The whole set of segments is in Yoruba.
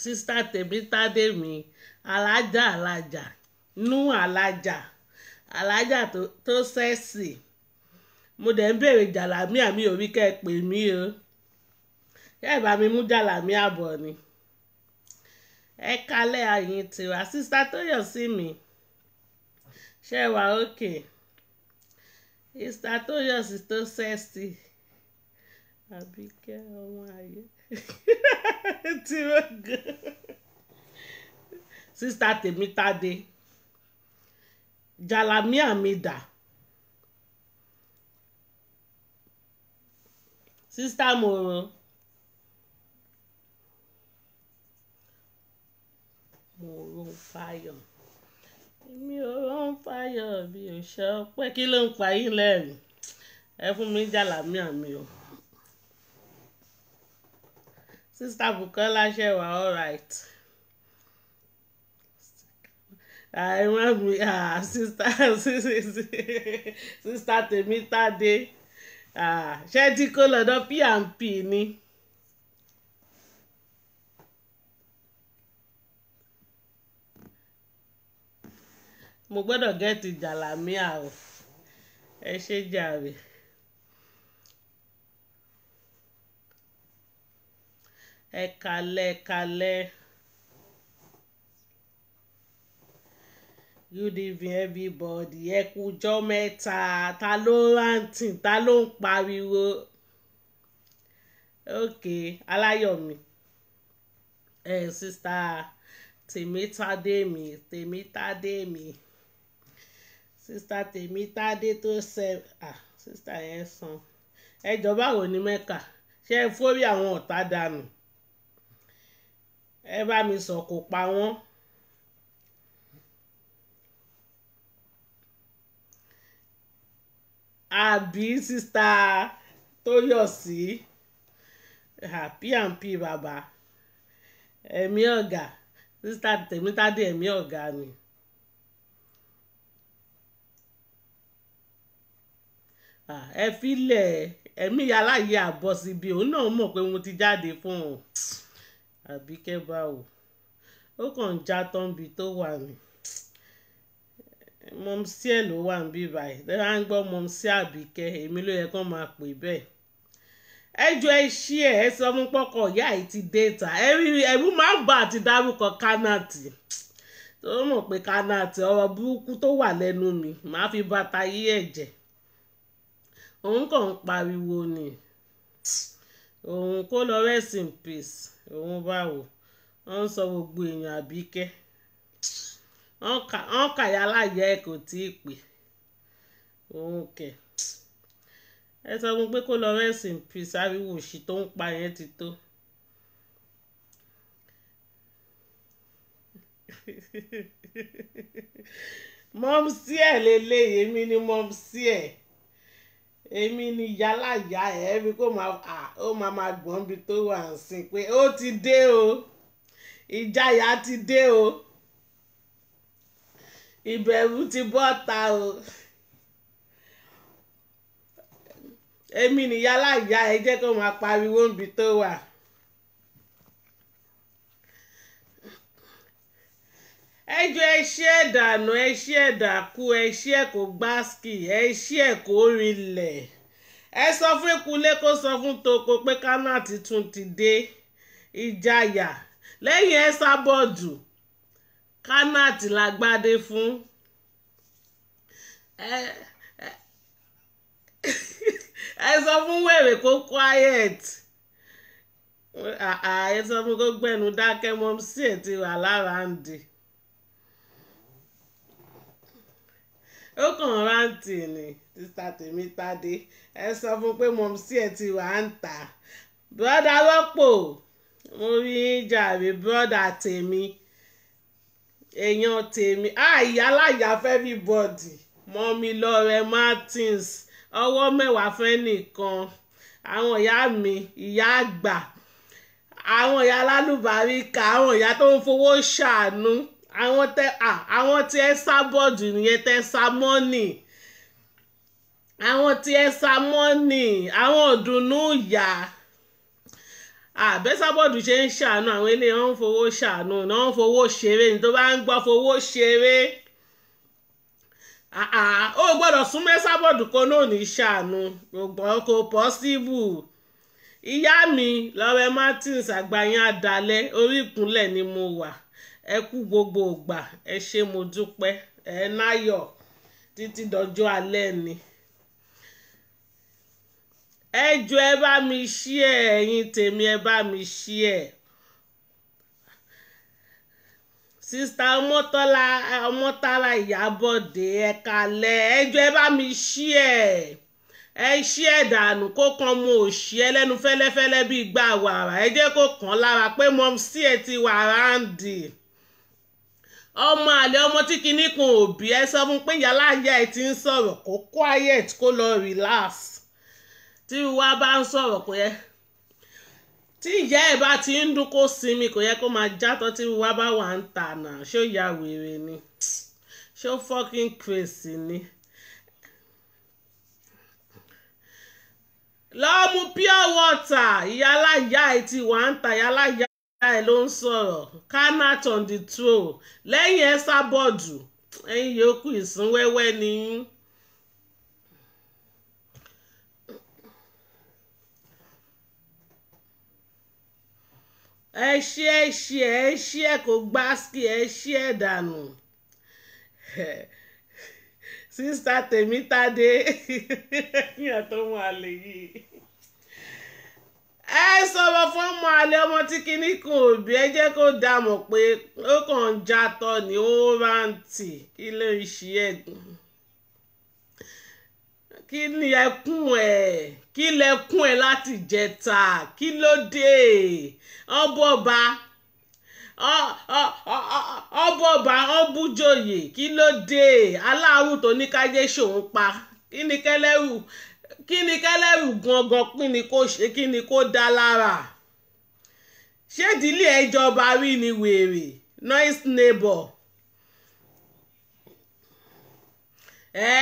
sísítà tèmítádé mi alájà alájà nú alájà alájà tó sẹ́ẹ̀sì mo dẹ̀ ń béèrè jàlámíà mi ò rí kẹ́ ẹ pè mí o kẹ́ ẹ bá mi mú jàlámíà bọ̀ ni ẹ kalẹ̀ àyìn tiwa sísítà tó yọ̀ sí mi ṣe wà ókè sísítà tó yọ̀ sí tó sẹ́ẹ̀sì. Àbíkẹ́ ọmọ ayé. Tí ó gan. Sísá tèmi tade. Jàlámíà mi dà. Sísá mo ràn. Mo rún fáyọ̀. Èmi ò rún fáyọ̀ bí òṣèpẹ́ kí ló ń pa yín lẹ́rìn. Ẹ fún mi jàlámíà mi o. Sister Bukola all right. I remember mi sister sister Tèmítádé ah, ṣé tí kò lọ́dọ̀ pnp ni. mo gbọ́dọ̀ gẹ́ẹ̀tì jàlámíà o ẹ ṣe jàre. ẹ kalẹ̀ kalẹ̀ good evening everybody ẹ kújọ́ mẹ́ta ta ló rántí ta ló ń pariwo ok aláyọ̀mí ẹ eh, sista tèmítádémi tèmítádémi sista tèmítádé tó ṣe ah sista yẹn san ẹ jọ báwo ni mẹ́ka ṣe é fórí àwọn ọ̀tá dànù ẹ bá mi sọ kò pa wọ́n. àbí sísá Tóyọ̀sí happy and p bàbá ẹ̀mí ọ̀gá sísá Tẹ̀mítádé ẹ̀mí ọ̀gá ni. ẹ fi lẹ̀ ẹ̀mí yàrá yìí àbọ̀ síbi òun náà mọ̀ pé mo ti jáde fún un. Àbíkẹ́ báwo ó kàn ń já tọ́ǹbì tó wà ní mọ̀mísí ẹ̀ ló wà níbí báyìí lẹ́yìn à ń gbọ́ mọ̀mísí Àbíkẹ́ èmi ló yẹ kó máa pè bẹ́ẹ̀ ẹjọ́ ẹ ṣí ẹ ẹ sọ fún pọ́kọ̀ ìyá yìí ti déta ẹ̀rú máa ń bà àti dárúkọ kánàtì tó mọ̀ pé kánàtì ọ̀rọ̀ burúkú tó wà lẹ́nu mi màá fi bàtà yí ẹ̀jẹ̀ òun kàn ń pariwo ni òun kó lọ rest in peace òun báwo wọ́n ń sọ gbogbo èèyàn àbíkẹ́ wọ́n kàyà láyà ẹ̀ kò tí ì pè òun kẹ̀ ẹ sọ fún pé kó lọ rest in peace tó ń pa yẹn ti tó. mọ́mùsí ẹ̀ lélẹ́yìn mi ni mọ́mùsí ẹ̀. èmi ni yálàyà ẹ bí kò máa máa gbọ́n bí tó wà ń sìn pé ó ti dé o Ijaya ti dé o ìbẹ̀rù ti bọ́ ta o èmi ni yálàyà ẹ jẹ́ kó máa pariwo bi tó wà. ẹ jọ ẹ ṣí ẹ dànù ẹ ṣí ẹ dàkú ẹ ṣí ẹ kó gbáskì ẹ ṣí ẹ kó rinlẹ̀ ẹ sọ fún Ekunlé kó sọ fún Toko pé Kánàtì tún ti dé ìjayà lẹ́yìn ẹ sábọ̀dù Kánàtì la gbádé fún ẹ sọ fún wèrè kó quiet ẹ sọ fún kó gbẹnu dákẹ́ mọ́ sí ẹ̀ ti wà lára ń di. ó kàn rántí ni títa tèmi tádé ẹ sọ fún pé mọ̀ sí ẹ̀ ti wà ń tà bọ́dà lọ́pọ̀ mo rí jàre bọ́dà tèmi èèyàn tèmi àyàláyà fẹ́mi bọ́dì mọ́mi lọ́rẹ̀ martins ọwọ́ mẹ́wàá fẹ́ nìkan àwọn ìyá mi ìyá àgbà àwọn ìyá alálùbáríkà àwọn ìyá tó ń fowó ṣàánú àwọn tẹ àwọn tí ẹ sá bọ́ọ̀dù nìyẹn tẹ sá mọ́nì àwọn tí ẹ sá mọ́nì àwọn ọ̀dùnnú yá àbẹ́sàbọ̀dù ṣe ń ṣàánú àwọn ilé wọn ń fowó ṣàánú náà ń fowó ṣeré ní tó bá ń gbọ́ fowó ṣeré ó gbọ́dọ̀ sún mẹ́sàbọ̀dù kó náà ní ṣàánú kò pọ́síbù ìyá mi lọ́wẹ́ Martins àgbáyé àdálẹ́ orí ìkúnlẹ̀ ni mo wà ẹ kú gbogbo ìgbà ẹ ṣé mo dúpẹ́ ẹ náyọ̀ títí dọjọ́ alẹ́ ni ẹ jọ̀ọ́ ẹ bá mi ṣí ẹ ẹ̀yin tèmi ẹ bá mi ṣí ẹ sista ọmọtọ́lá ọmọtálá ìyábọ̀dé ẹ kalẹ̀ ẹ jọ̀ọ́ ẹ bá mi ṣí ẹ ẹ ṣí ẹ dànù kó kan mo ò ṣí ẹ lẹ́nu fẹ́lẹ́fẹ́lẹ́ bíi gbà wàrà ẹ jẹ́ kó kàn lára pé mọ́mísí ẹ ti wà ráǹdì ọmọ àlè ọmọ tí kinní kan òbí ẹ sọ fún pé yàrá ìyá ẹ ti ń sọ̀rọ̀ kó quiet kó lọ relax tí wàá bá ń sọ̀rọ̀ kò yẹ tí ìyá ẹ bá ti ń dún kó sinmi kò yẹ kó máa játọ tí wàá bá wà ń tà náà ṣó ya wèrè ni ṣó fucking crazy ni. lọ́ọ́ mu pure water ìyálà ìyá ẹ ti wà ń tà ìyálà ìyá ẹ̀ ló ń sọ̀rọ̀ carnat on the throne lẹ́yìn ẹ́sà bọ́ọ̀dù ẹ̀yìn yòókù ìsínwẹ́wẹ́ ni. ẹ ṣí ẹ ṣí ẹ ṣí ẹ kò gbá sí ẹ ṣí ẹ dànù sísá tèmítádé yíyan tó mú àlè yìí ẹ sọ̀rọ̀ fún ọmọ àlè ọmọ tí kinní kan òbí ẹ jẹ́ kó dá mọ̀ pé ó kàn ń jatọ̀ ní ó rántí kí ló ń ṣe ẹ̀gùn kí ni ẹkún ẹ kí lẹkún ẹ láti jẹta kí ló dé ọbọba ọbọba ọbújòyè kí ló dé aláàrù tó ní kájé ṣòun pa kí ni kẹlẹ́rù kí ni kẹlẹ́rù gangan kí ni kó ṣe kí ni kó dá lára ṣé ìdílé ẹjọba rí ni wèrè noise neighbor ẹ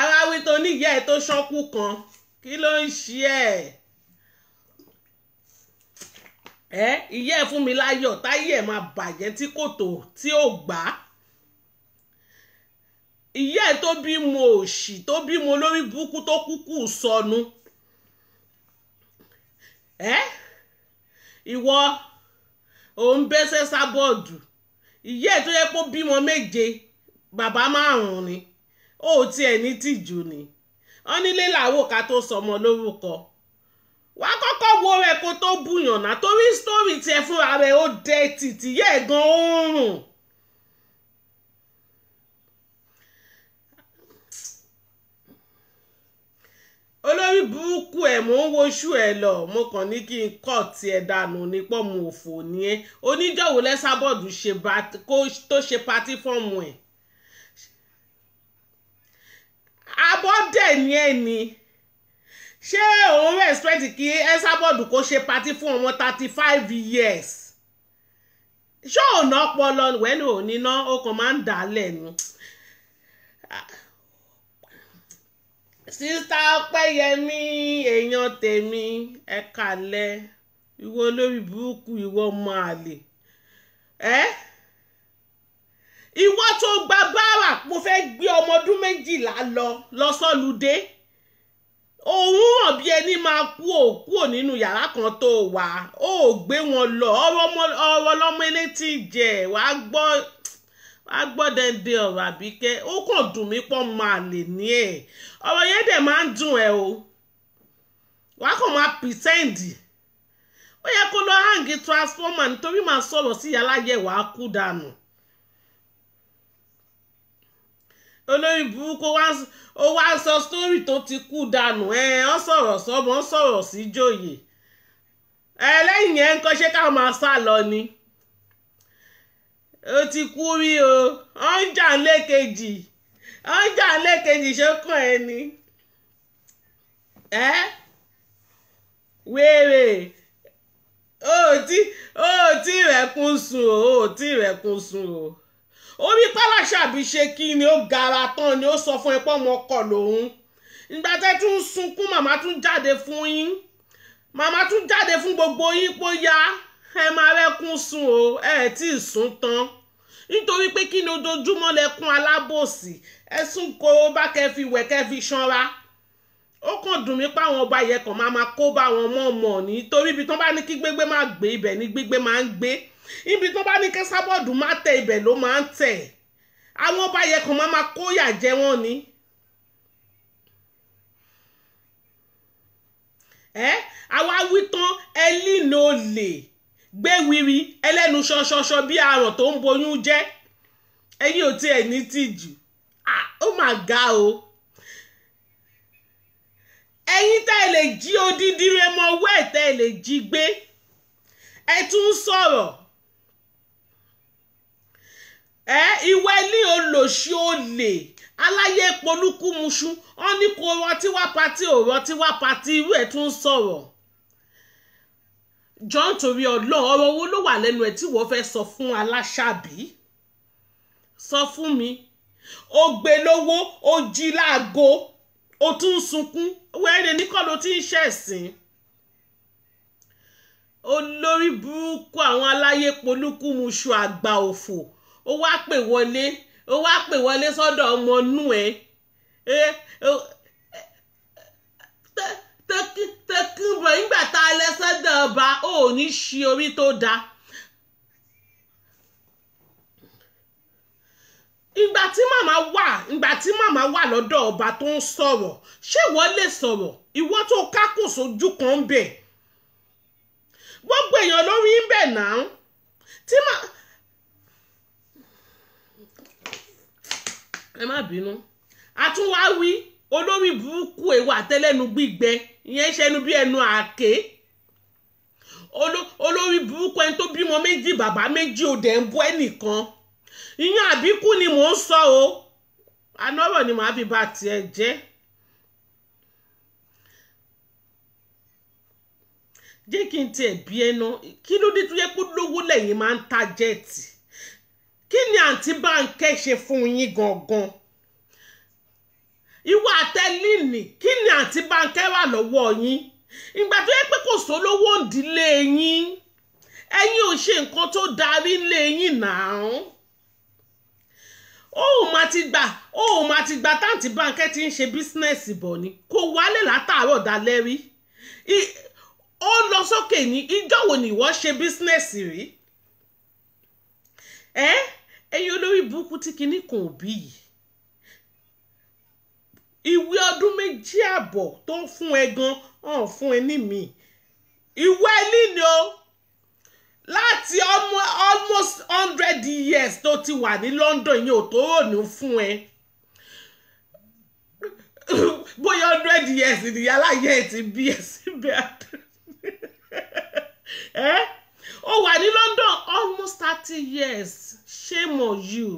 aráwí tó níyẹ tó ṣọ́kù kan kí ló ń ṣe ẹ ẹ ìyá ẹ fún mi láyọ̀ táyé ẹ máa bàjẹ́ tí kò tó tí ò gbà á ìyá ẹ̀ tó bímọ òṣì tó bímọ lórí burúkú tó kúkú sọnù ẹ ìwọ òun bẹsẹ sábọọdù ìyá ẹ̀ tó yẹ kó bímọ méje bàbá márùnún ni ó tiẹ̀ ní tìjú ni wọ́n nílé làwọn ká tó sọmọ lórúkọ wàá kọ́kọ́ wo rẹ̀ kó tó bùyànnà torí sítórì tiẹ̀ fúnra rẹ̀ ó dẹ́ títí yẹ́ gan ó olórí burúkú ẹ̀ mò ń woṣù ẹ̀ lọ mo kàn ní kí n kọ́ tiẹ̀ dànù ní pọ́ọ̀mù òfò ni ẹ́ oníjọ́wò lẹ́sàbọ̀dù tó ṣe patí fọ́ọ̀mù ẹ̀ abọ́dẹ̀ ni ẹ̀ ni ṣé òun respect kí Esabod kó ṣe patí fún ọmọ thirty five years ṣé òun náà pọ̀ lọ wẹ́lú òun níná ó kàn máa ń dà á lẹ́nu sista ọpẹ́yẹmí èèyàn tèmi ẹ kàlẹ̀ ìwọ olórí burúkú ìwọ ọmọ àlè ẹ ìwọ tó gba báárà mo fẹ́ gbé ọmọ ọdún méjìlá lọ lọ́sọ̀lùdé òun hàn bí ẹni máa kú òkú ò nínú yàrá kan tó wà ó gbé wọn lọ ọ̀rọ̀ ọlọ́mọ elétí jẹ wàá gbọ́. agbọ́dẹ̀dẹ ọ̀rọ̀ Àbíkẹ́ ó kàn dùn mí pọ̀ máa lè ní ẹ̀ ọ̀rọ̀ yẹn dẹ̀ máa ń dùn ẹ̀ o wàá kàn máa pìtẹ́ǹdì ó yẹ kó lọ transformer nítorí màá sọ̀rọ̀ sí wàá kú dànù olórí burúkú ó ti kú dànù ẹ ọ sọ̀rọ̀ sọ́mọ ọ sọ̀rọ̀ sí jòyè ẹ lẹ́yìn yẹn ń kọ́ ṣé káwọn máa lọ ó ti kú rí o ó ń jà lẹ́ẹ̀kejì ó ń jà lẹ́ẹ̀kejì ṣókàn ẹ ni ẹ wéèrè ó tí ó tí rẹ̀kún sùn o ó ti, rẹ̀kún sùn o orí pálásàbí ṣe kí ni ó gara tán ni ó sọ fún ẹ pé ọmọ ọkọ lòun ìgbà tẹ́ tún sunkún màmá tún jáde fún yín màmá tún jáde fún gbogbo yín pó yá ẹ máa rẹ́kún sùn o ẹ tí ì sùn tán nítorí pé kí ni ojoojúmọ́ lẹkún alábòsí ẹ̀sùn kó bá kẹ́ fi wẹ̀ kẹ́ fi ṣanra ó kàn dùn mí pé àwọn ọba yẹn kàn máa máa kó bá àwọn ọmọ ọmọ nítorí ibi tí wọ́n bá ní kí gbégbé máa gbé ibẹ̀ ní gbígbé máa ń gbé ibi tí wọ́n bá ní kí sábọ́ọ̀dù máa tẹ̀ ibẹ̀ ló máa ń tẹ̀ àwọn ọba yẹn kàn máa máa kó yà jẹ wọ́n ni. ẹ àwa wí tán ẹ lína olè gbé wiri ẹlẹ́nu ṣọṣọṣọ bí aràn tó ń boyún jẹ́ ẹ̀yin ò tiẹ̀ ní tìjú ó mà ga o ẹ̀yin tá ẹ lè jí odidi rẹ mọ ọwọ́ ẹ̀ tá ẹ lè jí gbé ẹ tún ń sọ̀rọ̀ ẹ ìwé ní olòṣì olè aláyé polúkúmuṣu ọ ní kò rọtí wá patí ò rọtí wá patí irú ẹ̀ tún ń sọ̀rọ̀. John torí ọlọ́ ọ̀rọ̀ owó ló wà lẹ́nu ẹ̀ tí wọ́n fẹ́ sọ fún aláṣàbí sọ fún mi O gbé lówó ó jí láago ó tún ń sunkún wẹ́rẹ́ nìkan ló ti ń ṣẹ̀sìn olórí burúkú àwọn aláyé polúkúmuṣu àgbà òfò ó wá pè wọlé ó wá pè wọlé sọ́dọ̀ ọmọ nú ẹ̀ ẹ́ ẹ́ ẹ́ tẹkùnbọ̀ nígbà tá a lẹ́sẹ̀dẹ̀ ọba ò ní ṣe orí tó da. ìgbà tí màmá wà ìgbà tí màmá wà lọ́dọ̀ ọba tó ń sọ̀rọ̀ ṣé ìwọ lè sọ̀rọ̀ ìwọ tó kákò sójú kan ń bẹ̀ gbogbo èèyàn lórí ń bẹ̀ náà tí màá. ẹ má bínú a tún wá wí olórí burúkú èwo àtẹlẹnu gbígbẹ ìyẹn ṣe ẹnu bí ẹnu àáké olórí burúkú ẹni tó bímọ méjì bàbá méjì ò dẹ̀ ń bọ́ ẹnìkan ìyẹn àbíkú ni mò ń sọ o anọ́rọ̀ ni màá fi bá tiẹ̀ jẹ́ jẹ́ kí n tiẹ̀ bí ẹnu kí ló dé tó yẹ kó lówó lẹ́yìn máa ń ta jẹ́ẹ̀tì kí ni àǹtí Bánkẹ́ ṣe fún yín gangan ìwà àtẹlíìnì kí ni àǹtí Bánkẹ́ wà lọ́wọ́ yín ìgbà tó yẹ pé kò sólówó ìdílé yín ẹ̀yin ò ṣe nǹkan tó darí lé yín náà òun máa ti gbà òun máa ti gbà táǹtí Bánkẹ́ ti ń ṣe bísínẹ́sì bọ̀ ni kò wálé látàárọ̀ dalẹ́ rí ó lọ sókè ní ìjọ́ wo ni ìwọ ṣe bísínẹ́sì rí ẹ ẹ̀yin olórí burúkú tí kinní kan ò yìí ìwé ọdún méjì àbọ̀ tó ń fún ẹ gan hàn fún ẹ ní mi ìwé níní o láti almost hundred years tó ti wà ní London yẹn ò tó rò ní fún ẹ bóyá hundred years ìdíyà láyé ẹ ti bí ẹ síbẹ̀ ẹ ó wà ní London almost thirty years shame on you.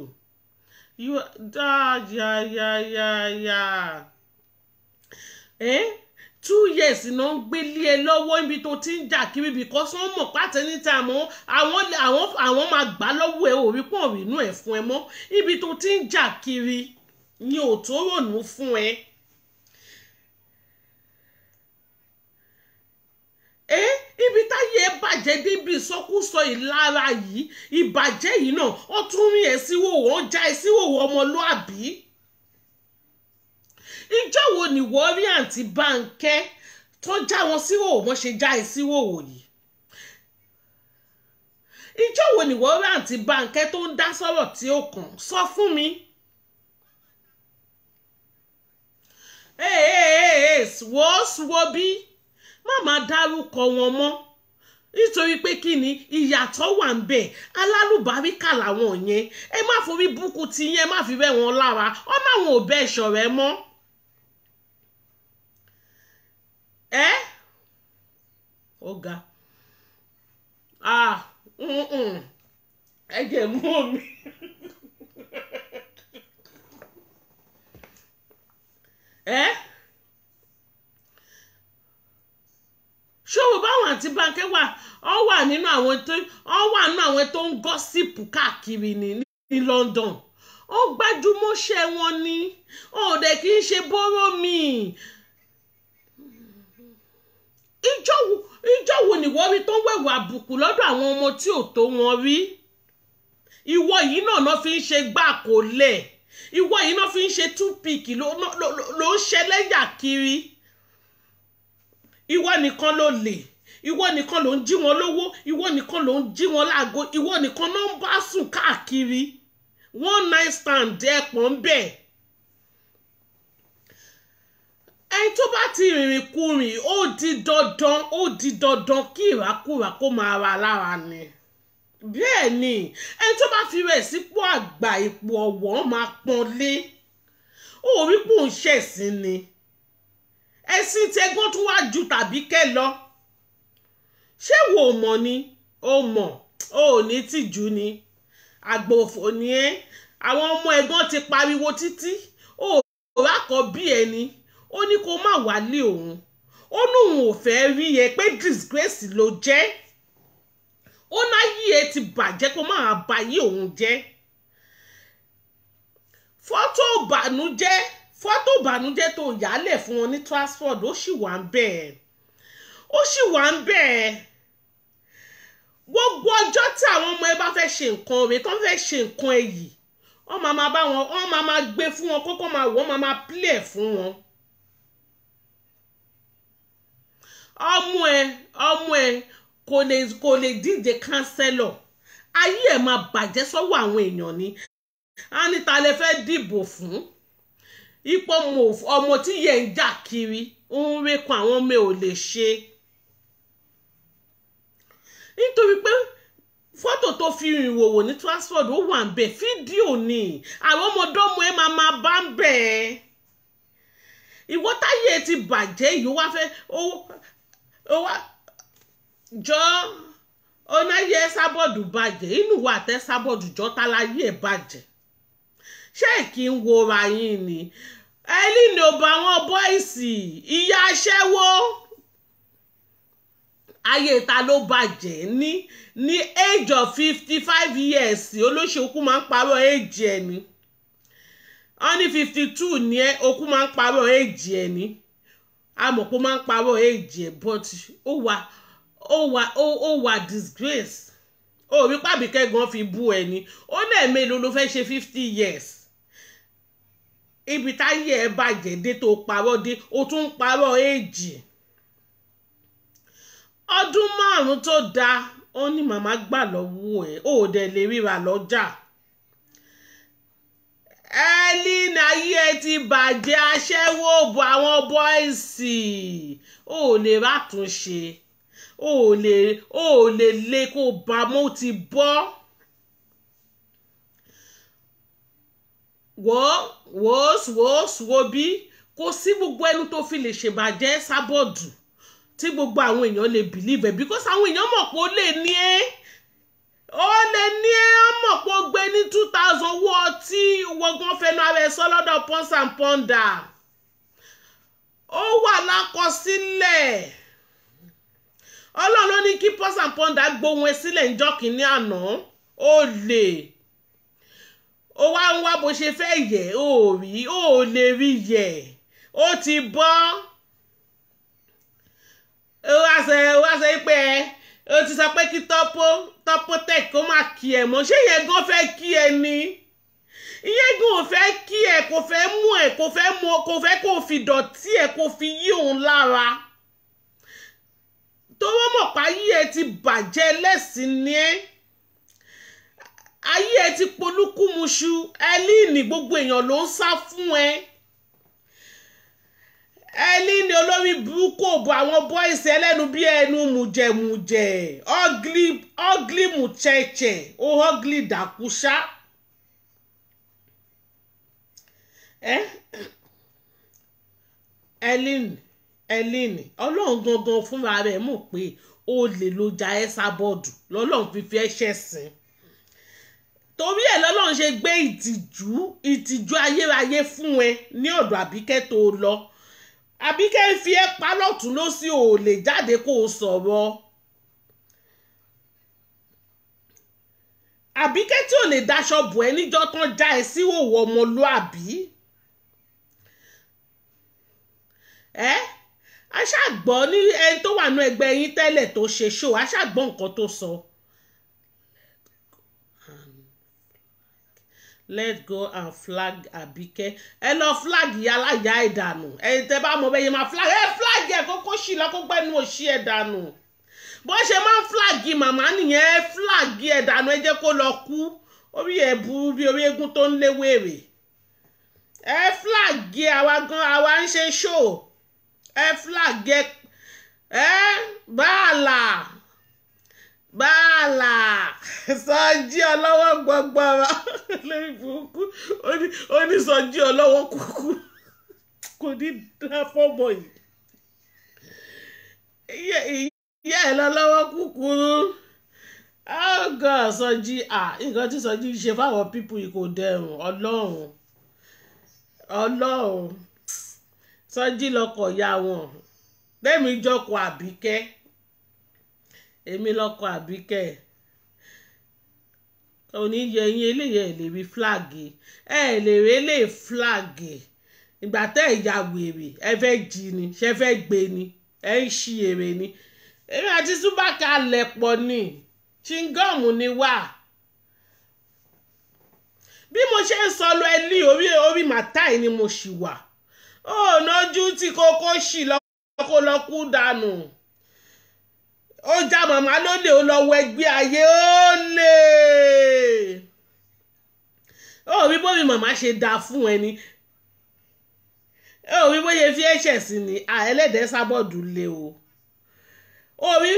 You ah, yeah, yeah, yeah, yeah. Eh? two years iná ń gbélé ẹ lọ́wọ́ ibi tó ti ń jà kiri because wọ́n mọ̀ pàtẹ́ níta àmọ́ àwọn àwọn àwọn máa gbà lọ́wọ́ ẹ òrí pọ̀ rínú ẹ̀ fún ẹ mọ́ ibi tó ti ń jà kiri ni ò tó rònú fún ẹ. ẹ eh, ibi táyé bàjẹ́ débi ìsọkúsọ ìlara yìí ìbàjẹ́ yìí náà ó tún rí ẹ síwòwò ó já ẹ síwòwò ọmọlúàbí ìjọ wo ni wọ́n rí àǹtí Bánkẹ́ tó já wọn síwòwò wọ́n ṣe já ẹ síwòwò yìí ìjọ wo ni wọ́n rí àǹtí Bánkẹ́ tó ń dá sọ̀rọ̀ tí ó kàn sọ fún mi. Hey, hey, hey, hey, wo wo má má dárúkọ wọn mọ́ nítorí pé kí ni ìyàtọ̀ wà ń bẹ̀ alálùbáríkà làwọn yẹn ẹ má forí búkú ti yẹn má fi rẹ̀ wọn lára ọmọ àwọn ò bẹ́ rẹ mọ́ ẹ ọ̀gá ah ẹ jẹ mú omi. Eh? tù káàkiri ní ní London ó gbájúmọ́ṣẹ́ wọn ni ó dẹ̀ kì í ṣe bọ́rọ̀ mi ìjọ wo nìwọ rí tó ń wẹ̀wù àbùkù lọ́dọ̀ àwọn ọmọ tí ò tó wọn rí ìwọ yìí náà ná fi ń ṣe gbà kó lẹ̀ ìwọ yìí náà fi ń ṣe two pick ló ń ṣẹlẹ́yà kiri ìwọ nìkan ló lè ìwọ nìkan ló ń jí wọn lówó ìwọ nìkan ló ń jí wọn láago ìwọ nìkan ló ń bá sùn káàkiri one night stand ẹ̀pọ̀ ń bẹ̀. ẹni tó bá ti rìnrìn kurìn ó di dandan ó di dandan kí ìrákùrà kó máa ra lára ni bẹ́ẹ̀ ni ẹni tó bá fi rẹ̀ sípò àgbà ipò ọ̀wọ́ máa pọ́n lé ó rí pò ń ṣẹ̀sìn ni ẹ̀sìn tẹ́gbọ́n tún wá ju tàbí kẹ́ lọ ṣé wo mọ̀ ni o mọ̀ o ò ní tìjú ni àgbòfò ni ẹ́ àwọn ọmọ ẹ̀gbọ́n ti pariwo títí o ò rákọ bí ẹni ó ní kó má wálé òun ó lóun ò fẹ́ rí ẹ pé disgrace ló jẹ́ ó láyé ẹ ti bàjẹ́ kó máa bayé òun jẹ́ fọ́tò ìbànújẹ́ fọ́tò ìbànújẹ́ tó yálẹ̀ fún wọn ní transport ó sì wà ń bẹ̀ ó sì wà ń bẹ̀ ẹ́ gbogbo ọjọ́ tí àwọn ọmọ ẹ bá fẹ́ ṣe nǹkan òwe tán fẹ́ ṣe nǹkan èyí wọ́n máa máa bá wọn wọ́n máa máa gbé fún wọn kókó máa wọ́n máa máa plẹ̀ fún wọn. ọmọ ẹ ọmọ ẹ kò lè kò lè díje kánsẹ́lọ̀ ayé ẹ̀ máa bàjẹ́ sọ́wọ́ àwọn èèyàn ni a ní ta lè fẹ́ dìbò fún ipò ọmọ tí yẹn ń jà kiri ń rékun àwọn ọmọ ẹ ò lè ṣe nítorí pé fọ́tò tó fi ìwòwò ní transport ó wà ń bẹ̀ fídíò ni àwọn ọmọdọ́mọ ẹ máa máa bá ń bẹ̀ ẹ́ ìwọ táyé ti bàjẹ́ yìí wá fẹ́ ó wá jọ onáyé sábọ̀dù bàjẹ́ inú wa tẹ́ sábọ̀dù jọ́ta láyé ẹ̀ bàjẹ́ ṣé kí n wora yín ni ẹlí ni ò bá wọn bọ́ìsì ìyá aṣẹ́wó ayé ta ló bàjẹ́ ní ní age of fifty five years olóṣèkú máa ń parọ́ age ẹ̀ ni wọ́n fifty two ni ẹ́ okú máa ń parọ́ age ẹ̀ ni àmọ́ kó máa ń parọ́ age ẹ̀ but ó wà ó wà ó wà disgrace ó rí pàbíkẹ́ gan fi bú ẹni ó lẹ́ẹ̀mélòó ló fẹ́ ṣe fifty years ibi táyé ẹ bàjẹ́ dé tó parọ́ dé ó tún ń parọ́ age ẹ̀ ọdún márùn-ún tó dáa ó ní màmá gbà lọ́wọ́ ẹ̀ ó dẹ̀ lè ríra lọ́jà ẹni náyé ẹ ti bàjẹ́ aṣẹ́wó bo àwọn bọ́ìsì ó lè rátúnṣe ó lè ó lè lé kó bámú ti bọ́ wò wò wò wò bí kò sí gbogbo ẹnu tó fi lè ṣèbàjẹ́ sábọ̀dù tí gbogbo àwọn èèyàn lè believe ẹ because àwọn èèyàn mọ̀ pé ó lè ní ẹ́ ó lè ní ẹ́ ó mọ̀ pé ó gbé ní two thousand owó ọtí wọgbọ́n fẹnu ara ẹ̀ sọ lọ́dọ̀ pons and ponder. ó wà lákọsílẹ̀ ọlọ́run ló ní kí pons and ponder. gbóhùn ẹ sílẹ̀ níjọ́ kìíní àná ó lè ó wá ń wá bó ṣe fẹ́ yẹ̀ ó rí ó lè rí yẹ̀ ó ti bọ́ ó wá sọ ó wá sọ pé ẹ ó ti sọ pé kí tọ́pọ̀ tọ́pọ̀ tẹ̀ kó má kí ẹ mọ́ ṣé ìyẹn gan fẹ́ kí ẹ ni ìyẹn gan ò fẹ́ kí ẹ kò fẹ́ mú ẹ kò fẹ́ mú kò fẹ́ kó fi dọ̀tí ẹ kò fi yí òun lára tọwọ́ mọ̀ pa ayé ẹ ti bàjẹ́ lẹ́sìn ni ẹ́ ayé ẹ ti polúkúmuṣu ẹ líìnì gbogbo èèyàn ló ń sá fún ẹ ẹni ni olórí burúkú òbò àwọn bọ́ìsì ẹlẹ́nu bí ẹnu mùjẹ̀mùjẹ̀ ọ́gílì ọ́gílì mùchẹ̀chẹ̀ ó ọ́gílì dàkúṣá. ẹlín ẹlín ọlọ́run gangan fúnra rẹ̀ mọ̀ pé ó lè lo ja ẹ́sà bọ́ọ̀dù lọ́lọ́run fífi ẹ̀ṣẹ̀ sìn torí ẹ̀ lọ́lọ́run ṣe gbé ìtìjú ìtìjú ayérayé fún ẹ ní ọ̀dọ̀ àbíkẹ́ tó lọ àbí kẹ́ ń fi ẹ́ pa lọ́tún ló sì ò lè jáde kó o sọ̀rọ̀ àbí kẹ́ tí ò lè daṣọ bò ẹ́ níjọ́ tán já ẹ sí òwò ọmọlúàbí ẹ́ aṣáàgbọ́ ní ẹni tó wà ní ẹgbẹ́ yín tẹ́lẹ̀ tó ṣe ṣó aṣáàgbọ́ nǹkan tó sọ. So let go and flag Àbíkẹ́ ẹ lọ flag yàrá ìyá ẹ dànù ẹ̀yin tẹ́ bá mọ bẹ́ẹ̀ yẹn máa flag ẹ flag ẹ kókó sí lọ kó gbẹ́nu òsì ẹ dànù bó ṣe máa ń flag màmá nìyẹn ẹ flag ẹ dànù ẹ jẹ́ kó lọ kú orí ẹ burú bí orí eégún tó ń lé wèrè ẹ flag àwa gan àwa ń ṣe show ẹ flag ẹ bàálà báàlà sọjí ọlọ́wọ́ gbọgbọrọ lórí burúkú ó ní sọjí ọlọ́wọ́ kúkú kò ní dá fọ́mọ yìí ìyá ẹ̀ lọ́lọ́wọ́ kúkúrú ọgọ́ oh sọjí nǹkan tí sọjí ṣe fáwọn pípù yìí kò dẹrùn ọlọ́run ọlọ́run sọjí lọkọ̀ ya wọn lẹ́mi jọkọ̀ àbíkẹ́ èmi lọkọ àbíkẹ́ oníyẹ yín eléyẹ ẹ lè rí fúláàgì ẹ lè rí eléyìí fúláàgì ìgbà tẹ ìyá wèrè ẹ fẹ́ jí ni ṣe fẹ́ gbé ni ẹ ń ṣí èrè ni èmi àti súbàkà lẹ̀pọ̀ ni chingom ni wà bí mo ṣe ń sọ lọ ẹ ní orí orí màtáì ni mo ṣì wà ó náà ju tí kókó ṣì lọ́kọ́ lọ́kú dànù. No ó já màmá lólè ó lọ wọ ẹgbẹ́ ayé ó lè ó rí bóbi màmá ṣe dáa fún ẹni ó rí bóyá fi ẹ̀ṣẹ̀ sí ni àẹlẹ́dẹ̀ẹ́ sábọ̀dù lé o ó rí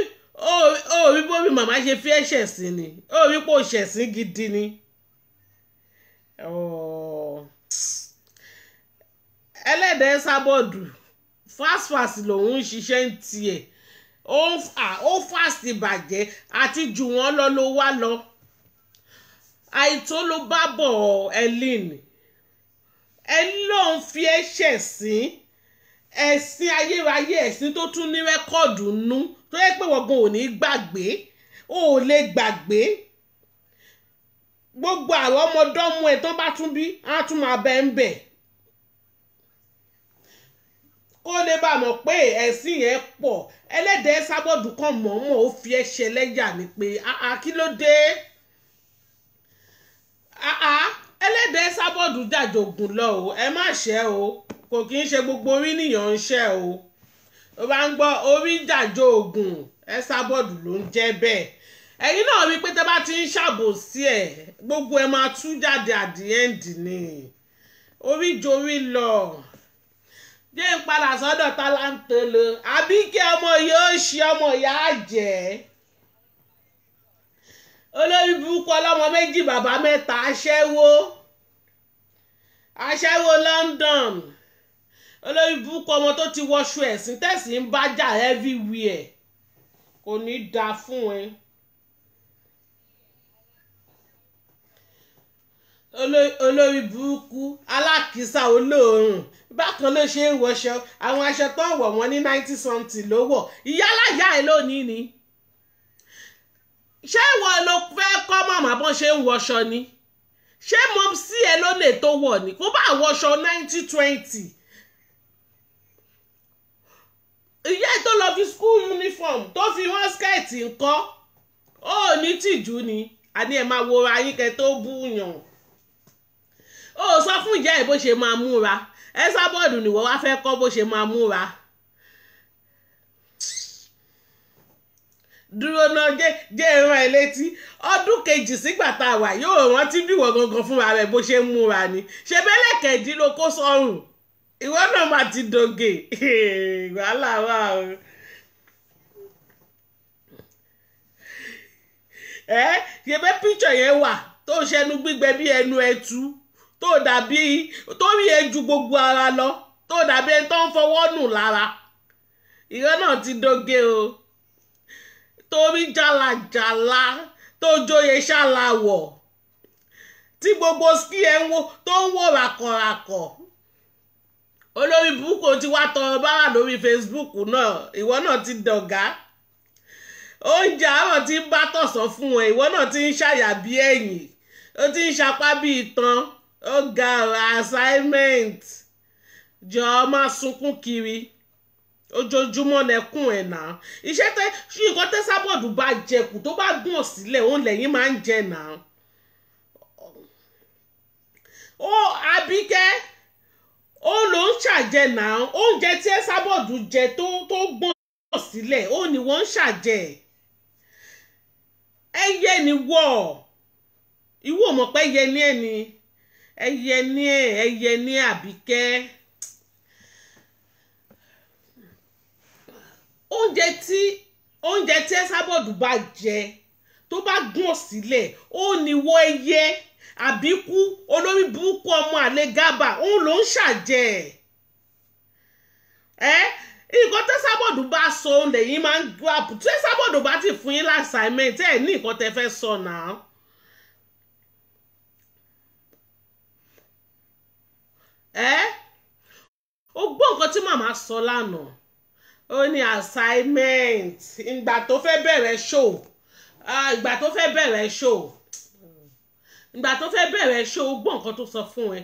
ó rí bóbi màmá ṣe fi ẹ̀ṣẹ̀ sí ni ó rí pò ṣẹ̀sìn gidi ni ẹlẹ́dẹ̀ẹ́ sábọ̀dù fast fast lòun ń ṣiṣẹ́ ń tiẹ̀ ó fàṣì bàjẹ́ àti jù wọ́n lọ ló wá lọ àìtó ló bá bọ̀ ẹlín ẹlín ló ń fi ẹ̀ṣẹ̀ sí ẹ̀sìn ayérayé ẹ̀sìn tó tún ní rẹ́kọ̀dù nú tó yẹ pé wọ́n gan ò ní gbàgbé ò lè gbàgbé gbogbo àwọn ọmọdọ́mọ ẹ̀ tán bá tún bí á tún máa bẹ́ẹ̀ ń bẹ̀ẹ́ kó lè bá mọ̀ pé ẹ̀sìn yẹn pọ̀ ẹlẹ́dẹ̀ẹ́ sábọ́dù kan mọ̀ọ́mọ̀ ó fi ẹ́ ṣe lẹ́yà ni pé kí ló dé ẹlẹ́dẹ̀ẹ́ sábọ́dù dàjọ̀gùn lọ o ẹ má ṣe o kò kí ń ṣe gbogbo orí nìyàn ń ṣe o ó bá ń gbọ́ orí dàjọ ògùn ẹ sábọ́dù ló ń jẹ́ bẹ́ẹ̀ ẹ̀yin náà rí i pé tẹ́ bá ti ń ṣàbòsí ẹ̀ gbogbo ẹ máa tú jáde at ni orí jorí lọ jẹ́ ń padà sọ́dọ̀ tálántẹ́lẹ̀ àbí kí ọmọ yóò ṣe ọmọ ìyá jẹ́ olórí burúkú ọlọ́mọ méjì bàbá mẹ́ta aṣẹ́wó aṣẹ́wó London olórí burúkú ọmọ tó ti wọṣọ ẹ̀sìn tẹ̀sí ń bájà everywhere kò ní í da fún ẹ. Eh olórí burúkú alákìísà olóòórùn bákan ló ṣe ń wọṣọ àwọn aṣọ tó ń wọ̀ wọ́n ní ninety something ló wọ̀ ìyálàyà ẹ̀ lónìí ni ṣé ìwọ ló fẹ́ kọ́ màmá bọ́n ṣe ń wọṣọ ni ṣé mo sí ẹ lónìí tó wọ̀ ni kó bá wọṣọ ninety twenty ìyá ẹ̀ tó lọ fi school uniform tó fi wọ́n skẹ̀tì ńkọ́ ó ní tìjú ni àní ẹ̀ máa wo ayíkẹ́ tó bú yàn ó sọ fún ìyá ẹ̀ bó ṣe máa múra ẹ sábọ́ọ̀dù nìwọ wá fẹ́ kọ́ bó ṣe máa múra. dúró náà jẹ́ jẹ́ ìran ẹ̀ létí ọdún kejì sígbà tá a wà yóò rántí bí ìwọ gangan fúnra rẹ̀ bó ṣe ń múra ni ṣe bẹ́lẹ̀ kẹ̀dín ló kó sọ́rùn ìwọ náà máa ti dògè wàhálà wà o. ṣe bẹ́ píṣọ̀ yẹn wà tó ṣẹnu gbígbẹ bí ẹnu ẹtu. E tó dàbí tó rí eju gbogbo ara lọ tó dàbí ẹni tó ń fọwọ́ nù lára ìran náà ti doge o torí jàlàjàlà tó jóye ṣàlàwọ̀ tí gbogbo ski ẹ̀ ń wo tó ń wò ràkọ̀ràkọ̀ olórí burúkú ti wá tọrọ bára lórí Facebook náà ìwọ náà ti dọ̀gá oúnjẹ àárọ̀ ti ń bá tọ̀sán fún ẹ ìwọ náà ti ń ṣàyà bí ẹ̀yìn ó ti ń sapá bí itan oge ga assignment Chioma sunkún kiri ojoojúmọ́ lẹ́kùn ẹ̀ náà iṣẹ́ tẹ nǹkan tẹ sábọ̀dù bá jẹkù tó bá gùn sílẹ̀ òun lẹ́yìn máa ń jẹ náà ó Àbíkẹ́ ó ló ń ṣàjẹ náà oúnjẹ tí ẹ jẹ tó tó gbọ́n sílẹ̀ ó ní wọ́n ń ṣàjẹ ẹyẹ ni wọ́ọ̀ ìwọ mọ̀ pé yẹ ní ẹni. ẹyẹ ní ẹyẹ ní àbíkẹ́ oúnjẹ tí oúnjẹ tí Ẹsábọ̀dù bá jẹ tó bá gùn sílẹ̀ ó níwọ́ ẹyẹ àbíkú olórí burúkú ọmọ àlè gábà òun ló ń ṣàjẹ́ ẹ nǹkan tẹ́sábọ̀dù bá sọ lẹ́yìn máa ń gbà tẹ́sábọ̀dù bá ti fún yín láṣàmẹ́ǹtì ẹ̀ ní nǹkan tẹ́ fẹ́ sọ náà. ẹ́ o gbọ́ nǹkan tí màmá sọ lánàá ó ní assignment ìgbà tó fẹ́ bẹ̀rẹ̀ show ìgbà tó fẹ́ bẹ̀rẹ̀ show ìgbà tó fẹ́ bẹ̀rẹ̀ show o gbọ́ nǹkan tó sọ fún ẹ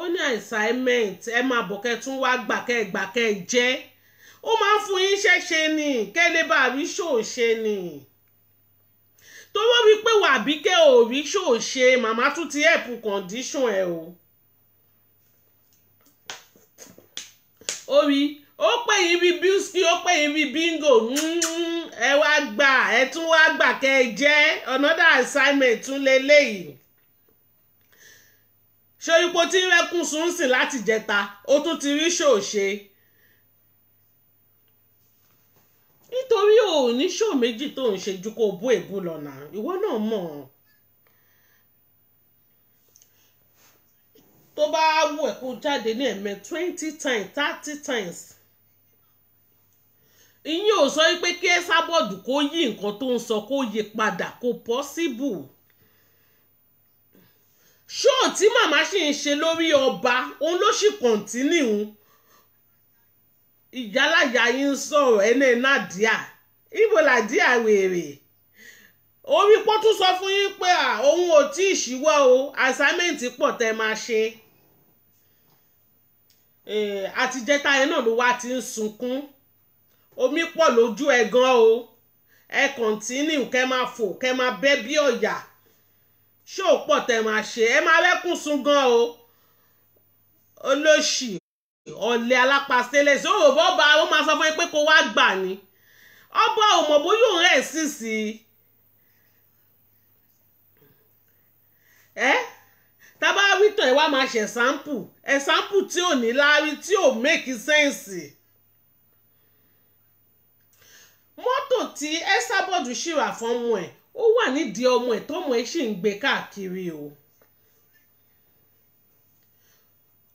ó ní assignment ẹ máa bọ̀ kẹ́ tún wá gbà kẹ́ gbà kẹ́ jẹ́ ó máa ń fún yín iṣẹ́ ṣe ni kẹ́lẹ́ bá rí show ṣe ni tó wọ́n wí pé wà bí ò rí show ṣe màmá tún ti help condition ẹ o. E omi ó pè yín bíi bíúsì ó pè yín bíi bíngò mm-hmm, ẹ wá gbà ẹ tún wá gbà kẹ́ ẹ jẹ́ another assignment tún lélẹ́yìí ṣé ipò tí ń rẹ́kùn sùn sìn láti jẹta ó tún ti rí ṣòṣe nítorí o ò ní ṣòó méjì tó ń ṣe ju kó bó èbú lọ́nà ìwọ náà mọ̀ ọ́n tó bá wù ẹ́ kó jáde ní ẹ̀mẹ́ twenty times thirty times ìyín ò sọ pé kí ẹ sábọ̀dù kó yí nǹkan tó ń sọ kó yí padà kó pọ́síbù ṣóò tí màmá ṣì ń ṣe lórí ọba òun ló sì kọ̀ǹtínìù ìyálàyà yìí ń sọ̀rọ̀ ẹni nàdíà ibo làdíà wèrè orí pọ́tún sọ fún yín pé òun ò tí ì ṣíwọ́ o àṣàmẹ́ǹtì pọ̀ tẹ́ máa ṣe. Eh, àtijẹ́ta yẹn náà ló wá ti ń sunkún omi pọ̀ lójú ẹ̀ gan o ẹ kọ̀ǹtínì kẹ́ máa fò kẹ́ máa bẹ́ bí ọ̀yà ṣó pọ̀ tẹ̀ máa ṣe ẹ máa rẹ́kùn sun gan o olóṣì ọ̀lẹ alápàṣẹlẹ̀ sí òwò bọ́ba ó máa sọ fún yín pé kó wá gbà ni ọba òmò bóyá òun rẹ̀ sì sí ẹ́. Eh? tábà wítàn ẹ wá máa ṣe ẹ̀sáǹpù ẹ̀sáǹpù tí ò ní láárí tí ò make sense. mọ́tò tí Esabod ṣì rà fọ́mọ ẹ̀ ó wà nídìí ọmọ ẹ̀ tọ́mọ ẹ̀ ṣì ń gbé káàkiri o.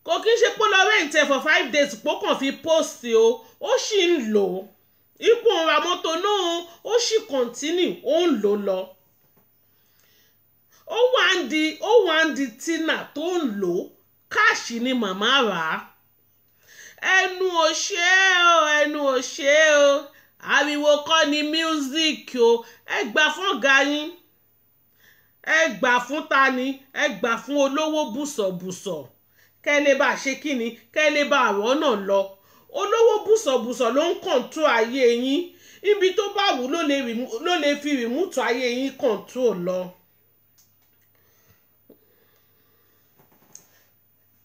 kò kí n ṣe pé lọ rent ẹ̀ for five days pó kàn fi post o ó ṣì ń lò ó ipò ń ra mọ́tò náà ó ṣì continue ó ń lò ó lọ ó wá ń di ó wá ń di tina tó ń lò káàṣì ni màmá rà á ẹnu ò o ẹnu ò o ariwo kọ́ ni music o ẹ gbà fún ọ̀gá yín ẹ gbà fún tani ẹ gbà fún olówó bùsọ̀bùsọ̀ kẹ́lẹ́ bá ṣe kíni kẹ́lẹ́ bá àwọ̀ náà lọ olówó bùsọ̀bùsọ̀ ló ń kọ̀ǹtó ayé yín ibi tó bá wù ló lè fi rìmúùtù ayé yín kọ̀ǹtó lọ.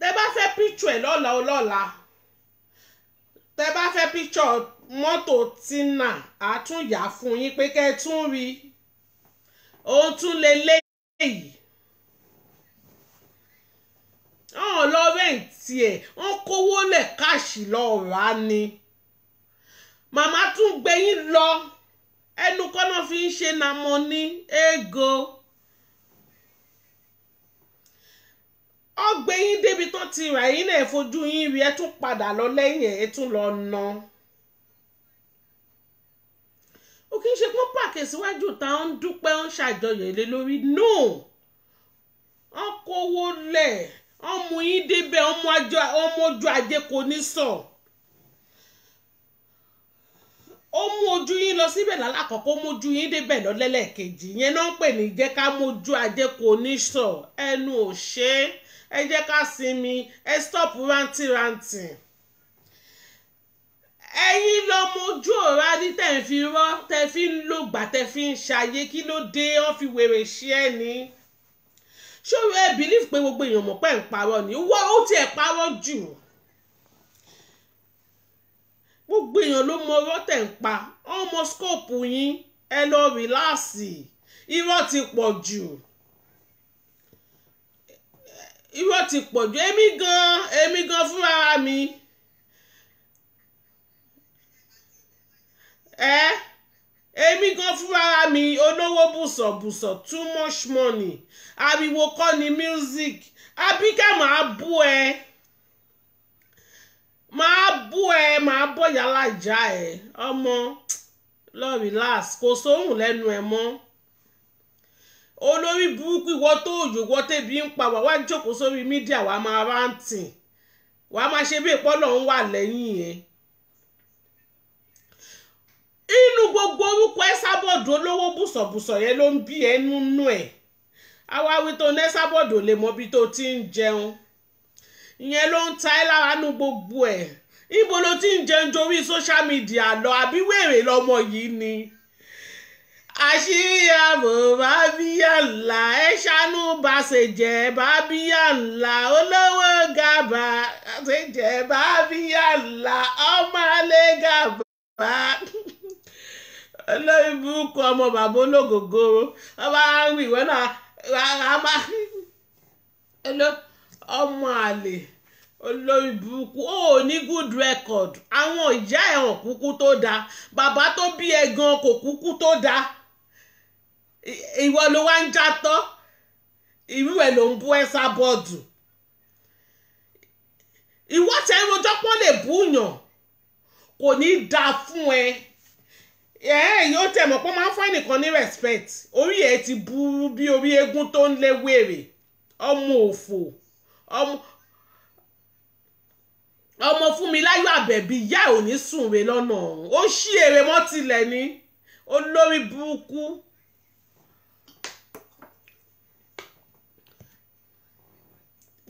tẹ́ bá fẹ́ píchọ ẹ̀ lọ́la ọlọ́la tẹ́ bá fẹ́ píchọ mọ́tò tínà àtúnyà fún yín pé kẹ́ ẹ tún rí ó tún lè léyìí ọ̀hún lọ́rẹ́ǹtì ẹ̀ wọ́n kówó lẹ̀ káàṣì lọ́ọ́ rà ni màmá tún gbé yín lọ ẹnu kọ́nà fi ń ṣe nàmọ́ ní égo. E ọgbẹ́ yín débi tán ti rà yín náà fojú yín rí ẹ tún padà lọ lẹ́yìn ẹ tún lọ nà ó kì í ṣe pọ́n pàkè síwájú ta ó ń dúpẹ́ ó ń ṣàjọyọ̀ ilé lórí no ó kówó lẹ̀ ó mú yín débẹ̀ ọmọ ojú ajé kò ní sọ ó mú ojú yín lọ síbẹ̀ lálàkọ́kọ́ mú ojú yín débẹ̀ lọ́lẹ́lẹ́kejì yẹn náà ń pè ní jẹ́ ká mójú ajé kò ní sọ ẹnu ò ṣe é ẹ jẹ́ ká sinmi ẹ stop rántírantì ẹ̀yin lọ mojú ọ̀rá ní tẹ̀ ń fi rọ́ tẹ̀ fi ń lògbà tẹ̀ fi ń ṣàyè kí ló dé wọ́n fi wèrè ṣí ẹ̀ ní ṣòro ẹ bìlíf pé gbogbo èèyàn mọ̀ pé ń parọ́ ni wọ́n ó tiẹ̀ parọ́ jù gbogbo èèyàn ló mọ ọ̀rọ̀ tẹ̀ ń pa ọmọ skóòpù yín ẹ lọ rìláàsì irọ́ ti pọ̀ jù irọ́ ti pọ̀ ju èmi gan èmi gan fúnra mi. ẹ èmi gan fúnra mi olówó bùsọ̀bùsọ̀ too much money ariwo kọ́ ni music abíkẹ́ màá bú ẹ màá bú ẹ màá bọ̀ yálà já ẹ ọmọ lọ last. kò sóhùn lẹ́nu ẹ mọ́ olórí burúkú ìwọ tó òyòwọ tẹbi ń pa wà wá jókòó sórí mídíà wà máa rántìn wà máa ṣe bí ìpọ́nlọ̀ ń wà lẹ́yìn yẹn inú gbogbo orúkọ ẹ sábọ̀dù olówó bùsọ̀bùsọ̀ yẹn ló ń bí ẹ nínú ẹ̀ àwa wí tó ní sábọ̀dù lè mọ ibi tó ti ń jẹun ìyẹn ló ń ta ẹ lára nú gbogbo ẹ̀ ibo ló ti ń jẹun torí sóṣá mídíà lọ àbí wèrè lọmọ yìí ni àṣírí àbò bá bíyà ńlá ẹ ṣàánú bá ṣe jẹ bá bíyà ńlá olówó gàbà ṣe jẹ bá bíyà ńlá ọmọ alẹ́ gàbà olórí burúkú ọmọ bàbá ológògó ọba àwọn ìwé náà rárá ọmọ àlè olórí burúkú ó ní good record àwọn ìyá ẹ̀ hàn kúkú tó dáa bàbá tó bí ẹ gan kò kúkú tó dáa ìwọ ló wá ń jatọ́ ìlú ẹ̀ ló ń bú ẹ́sà bọ́ọ̀dù ìwọ tẹ ń rojọ́ pọ́n lè búyàn kò ní í dáa fún ẹ ẹ yóò tẹ̀ mọ́ pé máa ń fún ẹnìkan ní respect orí ẹ ti burú bí orí eégún tó ń lé wèrè ọmọ òfò ọmọ ọmọ fún mi láyọ̀ àbẹ̀bí ìyá ẹ̀ ò ní sùn rè lọ́nà ó ṣí èrè mọ́ tilẹ̀ ni olórí burúkú.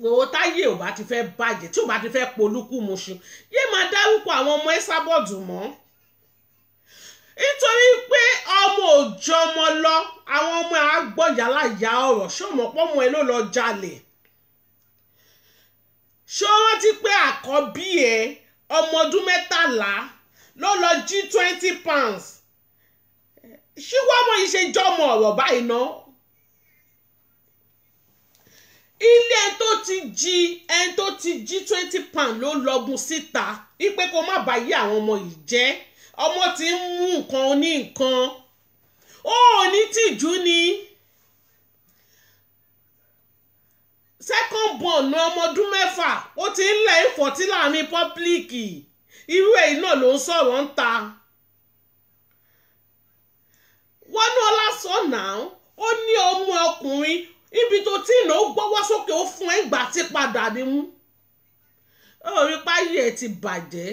owó táyé ò bá ti fẹ́ bàjẹ́ tí ò bá ti fẹ́ polúkú muṣu yé máa dárúkọ àwọn ọmọ Ẹsábọ̀dù mọ́ nítorí pé ọmọ òjò ọmọ lọ àwọn ọmọ àgbọ̀yàláyà ọ̀rọ̀ ṣọmọ pọ́mọ ẹ ló lọ jalè ṣó rántí pé àkọ́bí ẹ ọmọ ọdún mẹ́tàlá ló lọ jí twenty pounds ṣíwọ́ ọmọ yìí ṣe jọmọ ọ̀rọ̀ báyìí náà ilé ẹni tó ti jí ẹni tó ti jí twenty pound ló lọ́gùn síta ipe kó má bàa yí àwọn ọmọ yìí jẹ́ ọmọ tí ń mú nǹkan ní nǹkan ó ní tìjú ni second born ní ọmọ ọdún mẹ́fà ó ti ń lẹ̀ ìfọ̀tí láàrin pọ́blíkì irú èyí náà ló ń sọ̀rọ̀ ń ta wọnú ọlá sọ náà ó ní ọmọ ọkùnrin ibi tó tí ìnà ó gbọ́wọ́ sókè ó fún ẹgbà tí padà ní mú orí pa ayé ẹ ti bàjẹ́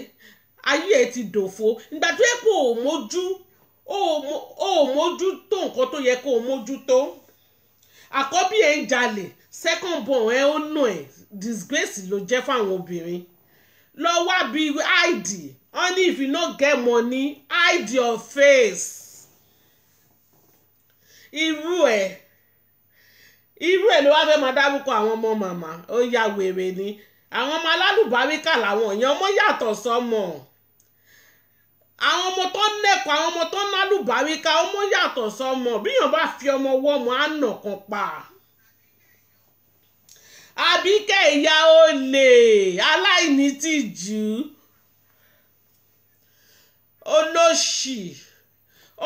ayé ẹ ti dòfo ìgbà tó yẹ kó o mójú o mójú tó nǹkan tó yẹ kó o mójú tó àkọ́bí ẹ̀ ń jalè second born ẹ̀ ó nà ẹ̀ disgrace ló jẹ́ fáwọn obìnrin lọ wá bí id only if you no get money hide your face irú ẹ̀. E irú ẹ̀ ló wá fẹ́ máa dárúkọ àwọn ọmọ màmá ó ya wèrè ni àwọn ọmọ alálùbáríkà làwọn èèyàn ọmọ yàtọ̀ sọmọ àwọn ọmọ tó ń nẹ̀kọ́ àwọn ọmọ tó ń lálùbáríkà ọmọ yàtọ̀ sọmọ bíyàn bá fi ọmọ wọ́ ọmọ á nà kan pa àbíkẹ́ ìyá olè aláìní tìjú olóṣì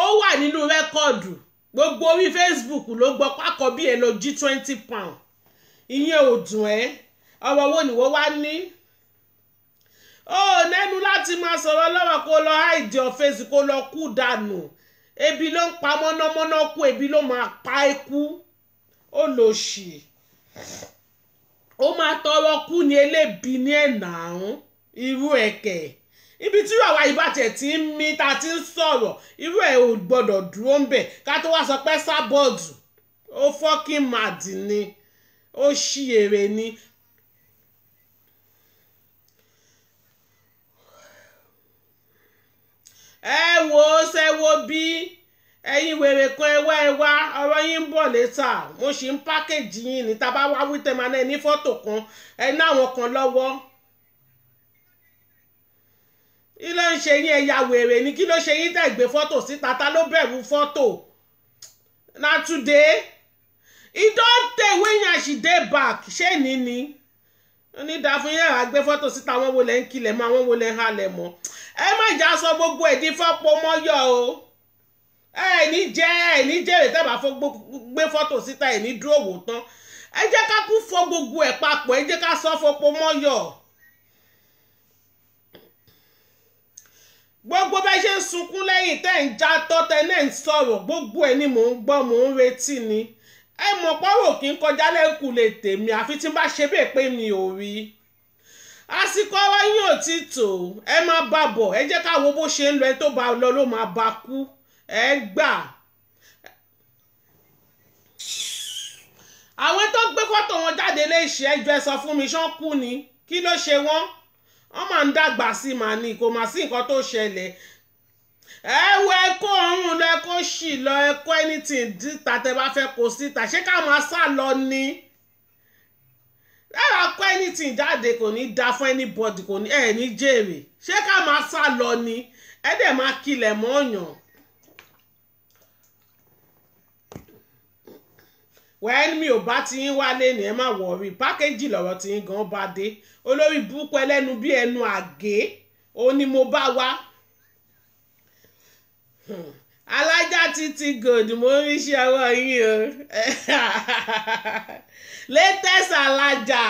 ó wà nínú rẹ́kọ̀dù gbogbo orí Facebook ló gbọ́ pákọ bí ẹ lọ jí twenty pound ìyẹn ò dùn ẹ́ ọ̀rọ̀ wo ni wọ́n wá ní. ó nẹ́nu láti máa sọ̀rọ̀ lọ́rọ̀ kó lọ àìdí ọ̀fẹ́sì kó lọ kú dànù ebi ló ń pa mọ́nàmọ́ná kú ebi ló máa pa é kú ó lò ṣì ó máa tọrọ kú ní eléèbí ní ẹ̀nà àrùn irú ẹ̀kẹ́. ibi tí àwa ìbàjẹ́ ti ń mí ta ti ń sọ̀rọ̀ irú ẹ̀ ò gbọ́dọ̀ dúró ń bẹ̀ ká tó wá sọ pé sábọ́ọ̀dù ó fọ́kín màdì ni ó ṣí èrè ni. ẹ wo ṣe wo bí ẹ̀yin wèrè kan ẹwà ẹwà ọrọ yín ń bọ̀ létà mo sì ń pákéjì yín ní tá a bá wá wí ní fọ́tò kan ẹ náwọn kan lọ́wọ́. kí ló ń ṣe yín ẹ̀yà wèrè ni kí ló ṣe yín tẹ̀ gbé fọ́tò síta ta ló bẹ̀rù fọ́tò na today e don tey when she dey back ṣé ní ni ní dàfún yẹn àgbé fọ́tò síta àwọn wo lẹ́ ń kilẹ̀ mọ́ àwọn wo lẹ́ ń halẹ̀ mọ́ ẹ má jà sọ gbogbo ẹ̀dí fọ́pọ̀ mọ́yọ̀ o ẹ ní jẹ́ ẹ ní jèrè tẹ́bà fọ́ gbé fọ́tò síta ẹ ní dúró wò tán ẹ jẹ́ ká kú fọ́ gbogbo ẹ̀ papọ̀ ẹ jẹ́ ká sọ fọ́pọ̀ mọ́yọ̀. gbogbo bẹ́ẹ̀ ṣe ń sunkún lẹ́yìn tẹ́ ń já tọ́tẹ́ náà ń sọ̀rọ̀ gbogbo ẹ̀ ni mò ń gbọ́ mò ń retí ni ẹ mọ̀ pọ́rọ̀ kí n kọjá lẹ́kùn lè tèmi àfi tí n bá ṣe bẹ́ẹ̀ pé mi ò rí i àsìkò ọwọ́ yín ò ti tò ẹ máa bá bọ̀ ẹ jẹ́ ká wo bó ṣe ń lọ ẹ tó bá lọ ló máa bá kú ẹ gbà. àwọn tó gbé fọ́tò wọn jáde lè ṣe ẹjọ́ ẹ sọ fún mi ṣán kú ni kí ló ṣe wọ́n wọ́n máa ń dàgbà sí màá ní kò máa sí nǹkan tó ṣẹlẹ̀ ẹ wo ẹkọ ọrùn lọ ẹkọ ṣì lọ ẹkọ anything díta tẹ bá fẹ́ kó síta ṣé ká máa sá lọ ni ẹ̀rọ akọ anything jáde kò ní da fún anybody kò ní ẹ̀ ní jèrè ṣé ká máa sá lọ ni ẹ dẹ̀ máa kilẹ̀ mọ́ ọ̀yàn. wẹ́n mi ò bá ti ń wálé ni ẹ má wọ̀ọ́rì pákéjì lọ́rọ̀ tí ń gan bá dé olórí burúkú ẹlẹ́nu bí ẹnu àgé òun ni mo bá wá. alájà títí gold mo rí iṣẹ́ ọwọ́ yín o latest alájà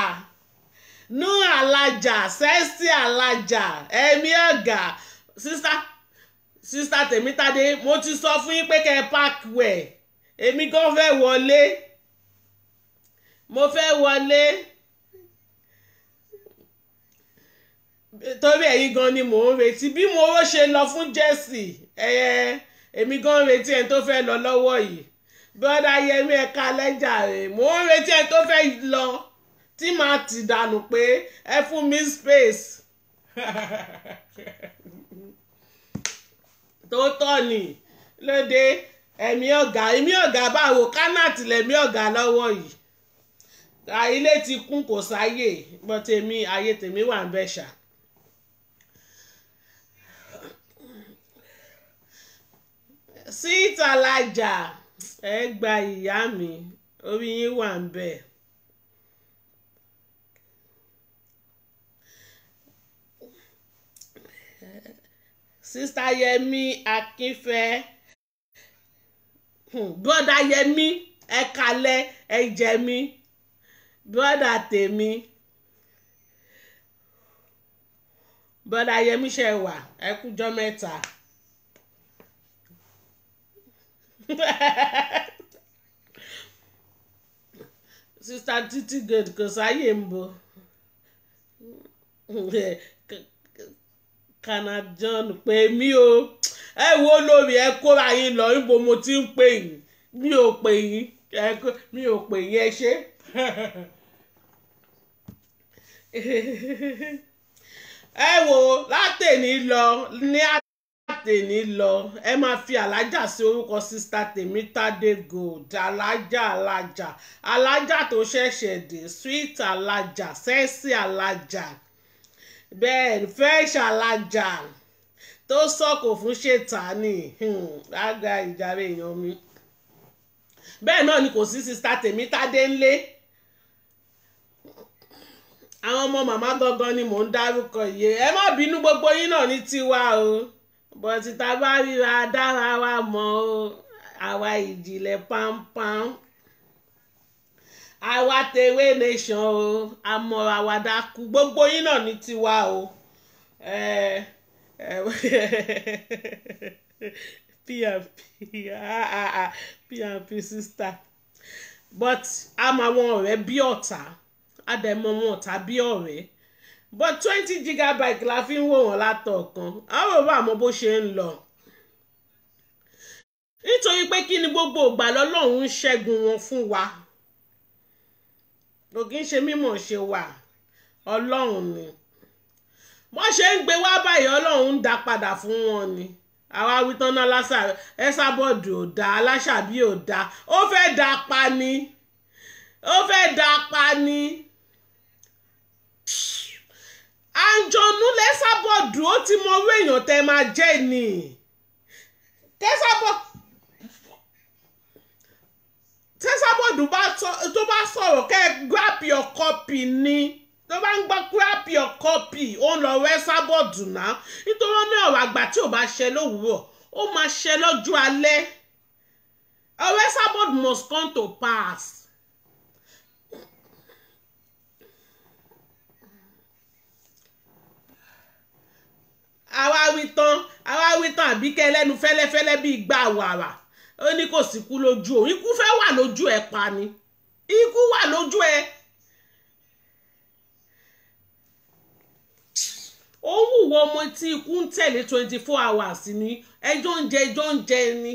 nú alájà sẹ́sì alájà ẹ̀mí ọ̀gá sísá sísá tèmítádé mo ti sọ fún yín pé kẹ́ ẹ pààkì wẹ̀ èmi gan fẹ́ wọlé mo fẹ́ wọlé torí ẹ̀yin gan ni mò ń retí bí mo ó ṣe lọ fún Jesse ẹ̀yẹ èmi gan ń retí ẹni tó fẹ́ lọ lọ́wọ́ yìí bọ́dà yẹmi ẹ̀ka lẹ́jà rẹ̀ mò ń retí ẹni tó fẹ́ lọ tí màá ti dànù pé ẹ fún mi space tó tọ́ ni lóde ẹ̀mí ọ̀gá ẹ̀mí ọ̀gá báwo kánàtì lẹ̀mí ọ̀gá lọ́wọ́ yìí ilé ti kún kò sáyè bọ́ tèmi ayé tèmi wà ń bẹ̀ ṣá. sí ìtàlájà ẹ gba ìyá mi orí yín wà ń bẹ̀. sista yẹmi akínfẹ́ hmm, broda yẹmi ẹ kalẹ̀ ẹ jẹ mi bọ́dà tèmi bọ́dà yẹmíṣẹ́ wà ẹ kújọ́ mẹ́ta sista titi gate kò sáyè ń bo kana john pé mi ò ẹ wo lórí ẹ kóra yín lọ níbo mo ti ń pè yín mi ò pè yín mi ò pè yín ẹ ṣe. ẹ wo látẹ̀ní lọ ní àtẹ̀ní lọ ẹ máa fi alájà sí orúkọ sista Tèmítádé Gold alájà alájà alájà tó ṣẹ̀ṣẹ̀ dé sweet alájà sẹ́ẹ̀sì alájà bẹ́ẹ̀ fresh alájà tó sọ̀kò fún ṣètánì hmm, lágbára ìjàre èèyàn mi bẹ́ẹ̀ náà ni kò sí sista Tèmítádé ńlé àwọn ọmọ màmá gangan ni mò ń dárúkọ yìí ẹ má bínú gbogbo yín náà ní tiwa o bọ̀tí tá a bá ríra dára wa mọ̀ o àwa ìjìnlẹ̀ pampam àwa tèwé nation o àmọ̀ra wa dákú gbogbo yín náà ní tiwa o pmp pmp sister but àmọ́ àwọn ọ̀rẹ́ bí ọ̀tá àdẹ̀mọ̀ wọn tàbí ọ̀rẹ́ but twenty gigabyte la fi ń wò wọ́n látọ̀ kan àwọn òbá àmọ́ bó ṣe ń lọ nítorí pé kí ni gbogbo ìgbà lọ́lọ́run ń ṣẹ́gun wọn fún wa kò kí ń ṣe mímọ̀ ṣe wà ọlọ́run ni wọ́n ṣe ń gbé wá báyìí ọlọ́run ń dá padà fún wọn ni àwa wítán náà lásà ẹ́sàbọ̀dù ò dá aláṣàbí ò dá ó fẹ́ dá pa ni ó fẹ́ dá pa ni àǹjọ̀nú lẹ́sàbọ̀dù ó ti mọ owó èèyàn tẹ́ máa jẹ́ ni tẹ́sàbọ̀ tẹ́sàbọ̀dù tó bá sọ̀rọ̀ kẹ́ ẹ grab your copy ni tó bá ń gbọ́ grab your copy ó ń lọ rẹ́sàbọ̀dù náà nítorí ní ọ̀rọ̀ àgbà tí ò bá ṣe lówùúrọ̀ ó máa ṣe lọ́jọ́ alẹ́ ọ̀rẹ́sàbọ̀dù must come to pass. àwa wí tán àwa wí tán àbíkẹ́ ẹlẹ́nu fẹ́lẹ́fẹ́lẹ́ bíi gbà wàrà ó ní kò sí kú lójú òun ikú fẹ́ wà lójú ẹ̀ pa ni ikú wà lójú ẹ̀ ó wùwọ́ ọmọ tí ikú ń tẹ̀lé twenty four hours ni ẹjọ́ ń jẹ ẹjọ́ ń jẹ ni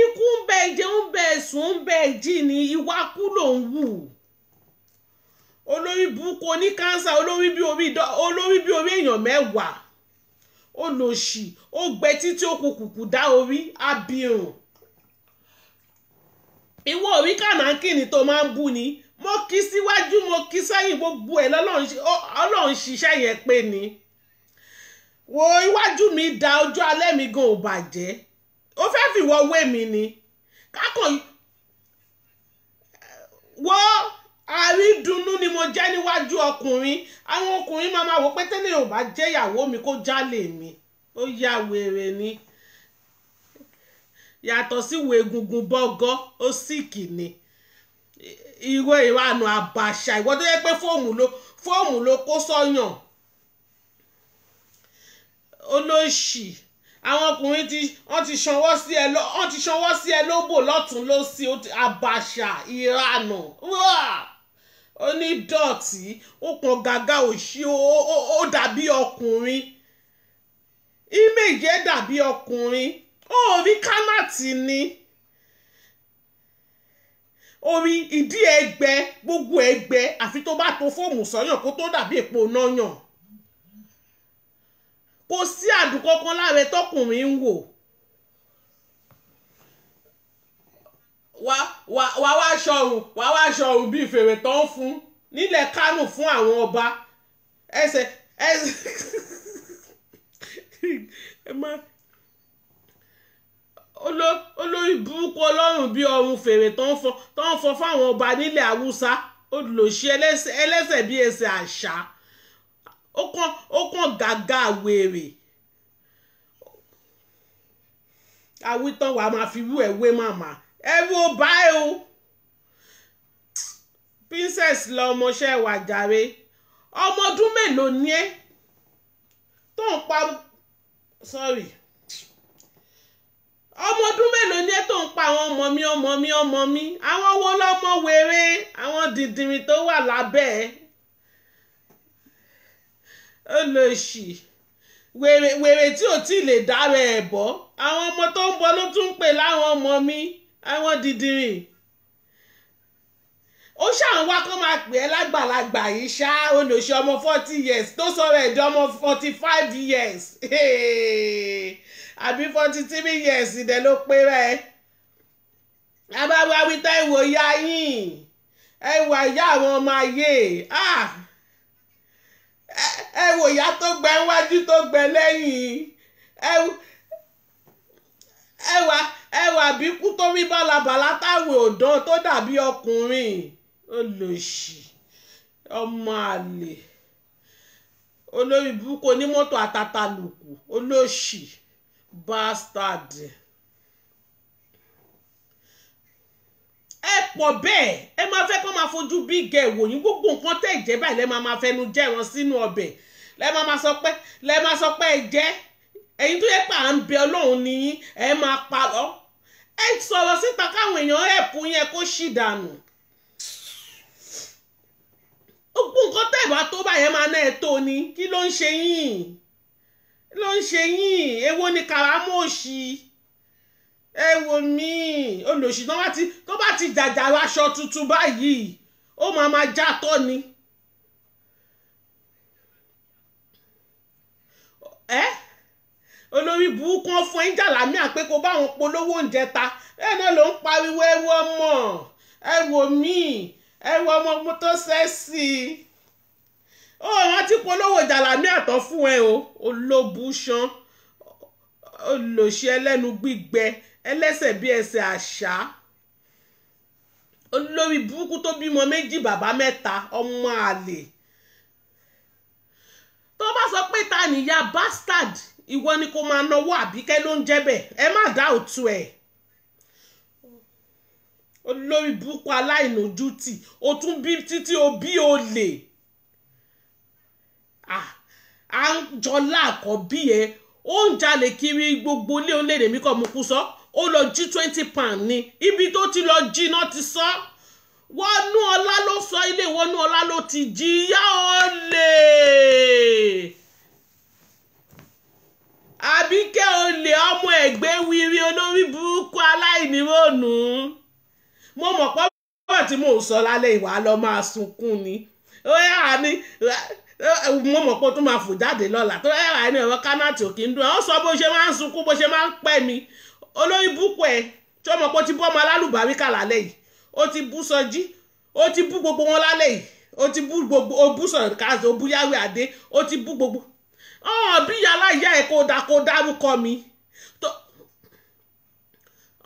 ikú ń bẹ jẹ ń bẹ sùn ń bẹ jí ni ìwákú ló ń wù olórí burúkú oní kánsà olórí bí orí èèyàn mẹ́wàá olòṣì ó gbẹ títí ó kùkùkù dá orí abirùn ìwọ orí kànáńkìnì tó máa ń bú ni mo kí síwájú mo kí sẹ́yìn gbogbo ẹ̀ lọ́lọ́run ṣiṣẹ́ yẹn pé ni wo iwájú mi da ojú alẹ́ mi gan ò bàjẹ́ ó fẹ́ fìwọ́ wé mi ni kákan wọ́n àrídùnnú ni mo jẹ́ níwájú ọkùnrin àwọn ọkùnrin máa máa wò pé tẹ́lẹ̀ ò bá jẹ́ ìyàwó mi kó jálè mi ó ya wèrè ni yàtọ̀ sí ìwé egungun bọ́gọ́ ó síìkì ni ìwé ìranù àbàṣà ìwọ tó yẹ pé fóòmù ló fóòmù ló kó sọ́yàn olóṣì àwọn ọkùnrin tí wọ́n ti sanwó sí ẹ lọ wọ́n ti sanwó sí ẹ lóbò lọ́tún lọ́sì àbàṣà ìranù ó ní dọ̀tí ó pọn gàgà òṣì ó dàbí ọkùnrin image ẹ̀ dàbí ọkùnrin ó rí kánàtì ni orí ìdí ẹgbẹ gbogbo ẹgbẹ àfi tó bá to fóòmù sọyàn kó tó dàbí èpo náà yàn kò sí àdùn kankan lára tọkùnrin ń wò. wá wá wá ṣọ̀hún wá wá ṣọ̀hún bíi fèrè tó ń fún nílẹ̀ Kánò fún àwọn ọba ẹsẹ̀ ẹsẹ̀ ẹ má olórí burúkú ọlọ́run bíi ọrùn fèrè tó ń fọ tó ń fọ fáwọn ọba nílẹ̀ Haúsá olùlòṣì ẹlẹ́sẹ̀ bíi ẹsẹ̀ àṣà ó kàn ó kàn gàgà wèrè àwítán wàá máa fi wú ẹ̀wé màmá ẹ wo báyìí o princess lọmọṣẹ́ wà jàre ọmọ ọdún mélòó ni ẹ́ tó ń pa sorry ọmọ ọdún mélòó ni ẹ tó ń pa àwọn ọmọ mi ọmọ mi ọmọ mi àwọn wo lọmọ wèrè àwọn dìndìnrín tó wà lábẹ́ ẹ olóṣì wèrè wèrè tí ò tí ì lè dára ẹ̀ bọ́ àwọn ọmọ tó ń bọ̀ ló tún ń pè láwọn ọmọ mi àwọn dìdìrìn ó ṣàn wá kán máa pè é lágbàlagbà yìí ṣá olóṣè ọmọ forty years tó sọ̀rọ̀ ẹ̀dọ́ ọmọ forty five years àbí forty three years ìdẹ ló pé rẹ abáwá wíta ìwò ya yín ẹwà ìyá àwọn ọmọ ayé ah! ẹwò ìyá tó gbẹ níwájú tó gbẹ lẹ́yìn ẹwà ẹwà bíkú tó rí bálabàlá táwé òdán tó dàbí ọkùnrin olóṣì ọmọ àlè olórí burúkú onímọ́tò àtàtàlùkù olóṣì bastard ẹ pọ̀ bẹ́ẹ̀ ẹ máa fẹ́ kó máa fojú bí gẹ̀ wò yín gbogbo nǹkan tẹ̀ jẹ́ báyìí lẹ́ máa máa fẹnu jẹ́ wọn sínú ọbẹ̀ lẹ́ máa máa sọ pé lẹ́ máa sọ pé ẹ jẹ́ ẹ̀yin tó yẹ pé à ń bẹ ọlọ́run nìyí ẹ máa parọ́ ẹ sọ̀rọ̀ síta káwọn èèyàn ẹ̀pù yẹn kó ṣì dànù gbogbo nǹkan tẹ̀wá tó báyẹn máa ná ẹ tó ni kí ló ń ṣe yín ló ń ṣe yín èwo ni kàrámọ́ òṣì ẹ wò mí olóṣì tó bá ti jàjàrà aṣọ tuntun báyìí ó máa máa já tọ́ ni. Eh? olórí burúkú wọn fún ẹ̀yìn jàlámí àpé kó bá wọn polówó oúnjẹ ta bẹ́ẹ̀ náà ló ń pariwo ẹ wo ọmọ ẹ wò mí ẹ wo ọmọ mo tó sẹ́ẹ̀sì ó rántí polówó jàlámí àtọ́ fún ẹ o olóbùṣán olòṣì ẹlẹ́nu gbígbẹ ẹlẹ́sẹ̀ bí ẹsẹ̀ àṣà olórí burúkú tó bímọ méjì bàbá mẹ́ta ọmọ àlè tó bá sọ pé ta nìyá bastard ìwọ ni kò máa náwó àbíkẹ́ ló ń jẹ́ bẹ́ẹ̀ ẹ má dá òtún ẹ̀ olórí burúkú aláìnójútì o tún bí títí o bí o lè à ń jọlá àkọ́bí ẹ ó ń jalè kiri gbogbo ilé onílẹ̀ mi kọ́ mu kú sọ ó lọ jí twenty pound ni ibi tó ti lọ jí náà ti sọ wọnú ọlá ló sọ ilé wọnú ọlá ló ti jí yá ọ lè àbíkẹ́ olè ọmọ ẹ̀gbẹ́ wiri olórí burúkú aláìníròònú mo mọ̀ pọ́ bọ̀ tí mò ń sọ lálẹ́ ìwà lọ máa sunkún ni ó yára ní mo mọ̀ pé ó tún máa fò jáde lọ́la tó yára ní ẹ̀rọ kánáàtì òkè ń dún ẹ̀ ó sọ bó ṣe máa ń sunkún bó ṣe máa ń pẹ́ mi olórí burúkú ẹ̀ tí ó mọ̀ pé ó ti bú ọmọ alálùbáríkà lálẹ́ yìí ó ti bú sọjí ó ti bú gbogbo wọn lálẹ́ yìí ó ti bú gbogbo ó bú sọ̀rọ̀ káàtó ó bú yáwé adé ó ti bú gbogbo ọ̀hún bí aláìyá ẹ̀ kó da kó dárúkọ mi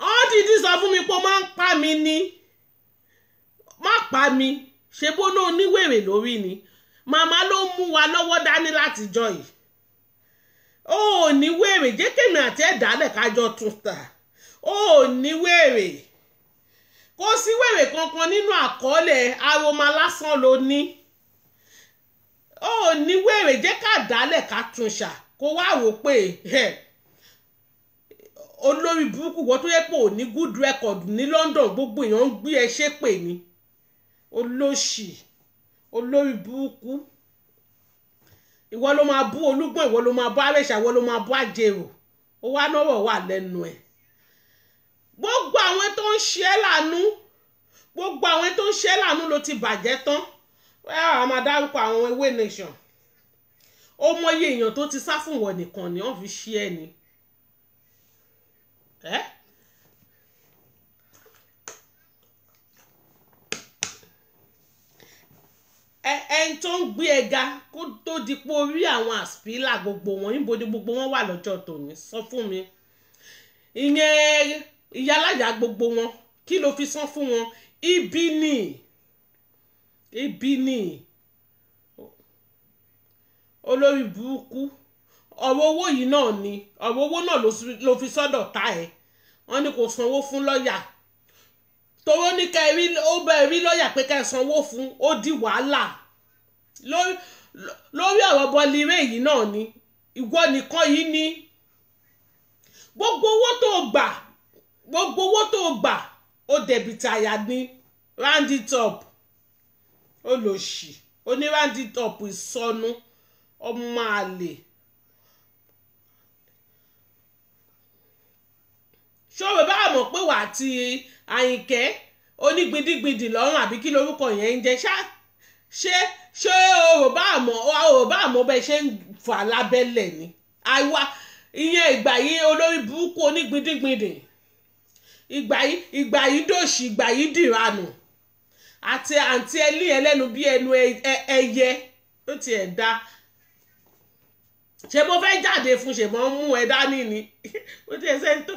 ọ̀hún dídí sọ fún mi pé ó máa ń pa mi ni má pa mi ṣe bó náà oníwèrè lórí ni màmá ló ń mú wa lọ́wọ́ dání látijọ́ yìí ó ní wèrè jẹ́ kèmí àti ẹ̀dálẹ̀ kájọ tún ta ó ní wèrè kò sí wèrè kankan nínú àkọọ́lẹ̀ aroma lásán ló ní ó ní wèrè jẹ́ ká dálẹ̀ ká tún ṣà kó wá wò pé olórí burúkú wọ́n tó yẹ pé ò ní good record ní London gbogbo èèyàn ń gbé ẹ ṣépè ni olóṣì olórí burúkú ìwọ ló máa bú olúgbọ́n ìwọ ló máa bú àrẹ̀ṣà ìwọ ló máa bú àjèrò ó wá náwó wà lẹ́nu ẹ̀ gbogbo àwọn tó ń ṣe é lànú gbogbo àwọn tó ń ṣe é lànú ló ti bàjẹ́ tán Ah, a máa dárúkọ àwọn ewé nation ó mọyì èèyàn tó ti sá fún wọn nìkan ni wọn fi ṣí ẹ ni ẹni tó ń gbé ẹga kó tó di pé orí àwọn àsìpílà gbogbo wọn níbo ni gbogbo wọn wà lọ́jọ́ tòní sọ fún mi ìyẹn ìyálàyà gbogbo wọn kí ló fi san fún wọn ibi nìyí ibi ni olórí burúkú ọ̀rọ̀ owó yìí náà ni ọ̀rọ̀ owó náà ló fi sọ́dọ̀ ta ẹ̀ wọ́n ní kò sanwó fún lọ́ọ̀yà tòwó ní ká ẹ rí ó bẹ ẹ rí lọ́ọ̀yà pé ká ẹ sanwó fún ó di wàhálà lórí ọ̀rọ̀ bọ́líre yìí náà ni ìwọ nìkan yìí ni gbogbo owó tó gbà gbogbo owó tó gbà ó dẹ̀bìtì àyà ni round it up olòṣì oníràndítọ̀pù ìsọnù ọmọ àlè ṣọ́ọ̀bù bá mọ̀ pé wà á ti àyìnkẹ́ onígbindígbindì lọ́rùn àbí kí lorúkọ yẹn ń jẹ́ ṣá ṣé ṣé o bá mọ̀ o bá mọ̀ bẹ́ẹ̀ ṣe ń fà lábẹ́lẹ̀ ni àwa ìyẹn ìgbà yìí olórí burúkú onígbindígbindì ìgbà yìí ìgbà yìí dòṣì ìgbà yìí dìranù àti àǹtí ẹlí ẹlẹ́nu bí ẹnu ẹyẹ ó ti ẹ̀ da ṣe mo fẹ́ jáde fún ṣe mo ń mú ẹ dání ni ó ti ẹ̀ sẹ́ni tó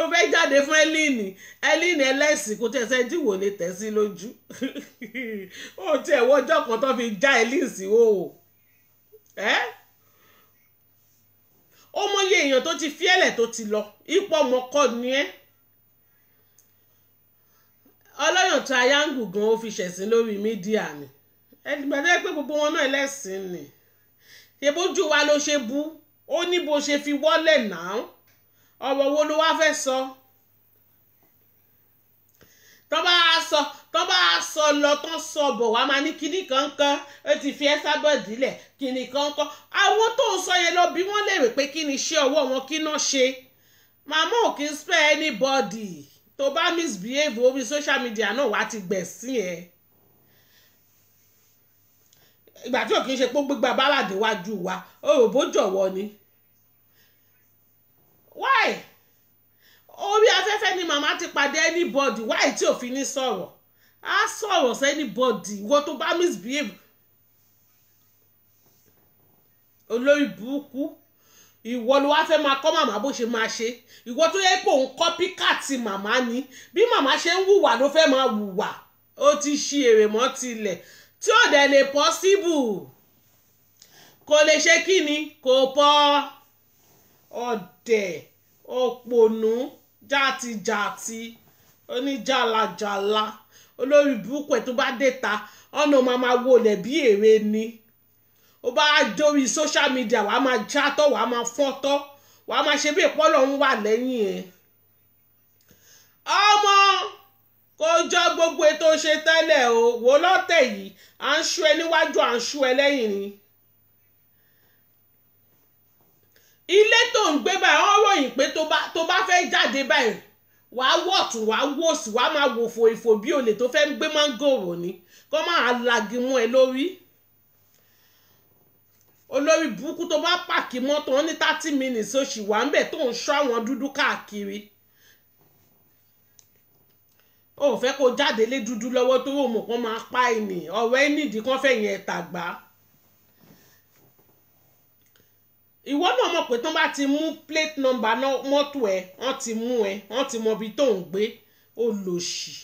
o fẹ́ jáde fún ẹ́líìnì ẹ́líìnì ẹlẹ́sìn kò tẹ̀ sẹ́ni tí wò lè tẹ̀ sí lójú ó ti ẹ̀wọ́ ọjọ́ kan tó fi já ẹ́líìsì o ẹ́ ó mọyé èèyàn tó ti fi ẹ̀lẹ̀ tó ti lọ ipò ọmọkọ ni ẹ́ ọlọ́yàn tó ayáǹgù gan ó fi ṣẹ̀sìn lórí mídíà ni ẹgbẹ́dẹ́ pé gbogbo wọn náà ẹlẹ́sìn ni ṣèbójú wa ló ṣe bú ó ní bó ṣe fi wọ́lẹ̀ náà ọ̀rọ̀ wo ló wá fẹ́ sọ tọ́ bá a sọ tọ́ bá a sọ lọ tán sọ bọ̀ wá máa ní kinní kan kan ó ti fi Esabod lẹ̀ kinní kan kan àwọn tó ń sọ yẹn lọ bí wọ́n lè rè pé kí ni iṣẹ́ ọwọ́ wọn kí náà ṣe màmá ò kí ń spare anybody tó bá misbehave orí social media náà wàá ti gbẹ̀sìn ẹ̀ ìgbà tí òkè ń ṣe pé gbígba bálàdé wájú wa òròbó jọ̀wọ́ ni why orí afẹ́fẹ́ ni màmá ti pàdé anybody why tí òfin ní sọ̀rọ̀ á sọ̀rọ̀ sí anybody ìwọ tó bá misbehave olórí burúkú ìwọ ló wá fẹ́ máa kọ́ màmá bó ṣe máa ṣe ìwọ tó yẹ kó ń kọ́pí káàtì màmá ni bí màmá ṣe ń wùwà ló fẹ́ máa wùwà ó ti ṣi èrè mọ́ tilẹ̀ tí ò dẹ̀ lè pọ́síbù kò lè ṣe kí ni kò pọ́ ọ̀dẹ̀ òpònú jàtijàti oníjàlàjàlà olórí búkú ẹ̀ tó bá dé ta ọ̀nà màmá wo lẹ̀ bí èrè ni ó bá dórí social media wàá máa játọ̀ wàá máa fọ́tọ́ wàá máa ṣe bí ìpọ́lọ̀ ń wà lẹ́yìn ẹ̀ ọmọ kò jọ gbogbo ètò ṣe tẹ́lẹ̀ o wò lọ́tẹ̀ yìí à ń ṣú ẹ níwájú à ń ṣú ẹ lẹ́yìn ni. ilé tó ń gbé báyìí wọ́n ròyìn pé tó bá fẹ́ jáde báyìí wàá wọ̀tún wàá wòsì wàá máa wò fòìfò bí olè tó fẹ́ ń gbé mángòrò ni kó máa lagi mú ẹ lórí olórí burúkú tó bá pàkí mọ́tò wọn ní thirty minutes oṣù wà ń bẹ̀ tó ń ṣọ́ àwọn dúdú káàkiri ó fẹ́ kó jáde lé dúdú lọ́wọ́ tó yóò mọ̀ kán máa pa ẹni ọ̀rọ̀ ẹni ìdí kan fẹ̀yìn ẹ̀ta gbà á. ìwọ náà mọ̀ pé tán bá ti mú plate number náà mọ́tò ẹ̀ wọ́n ti mú ẹ wọ́n ti mọ ibi tó ń gbé ó lò sí.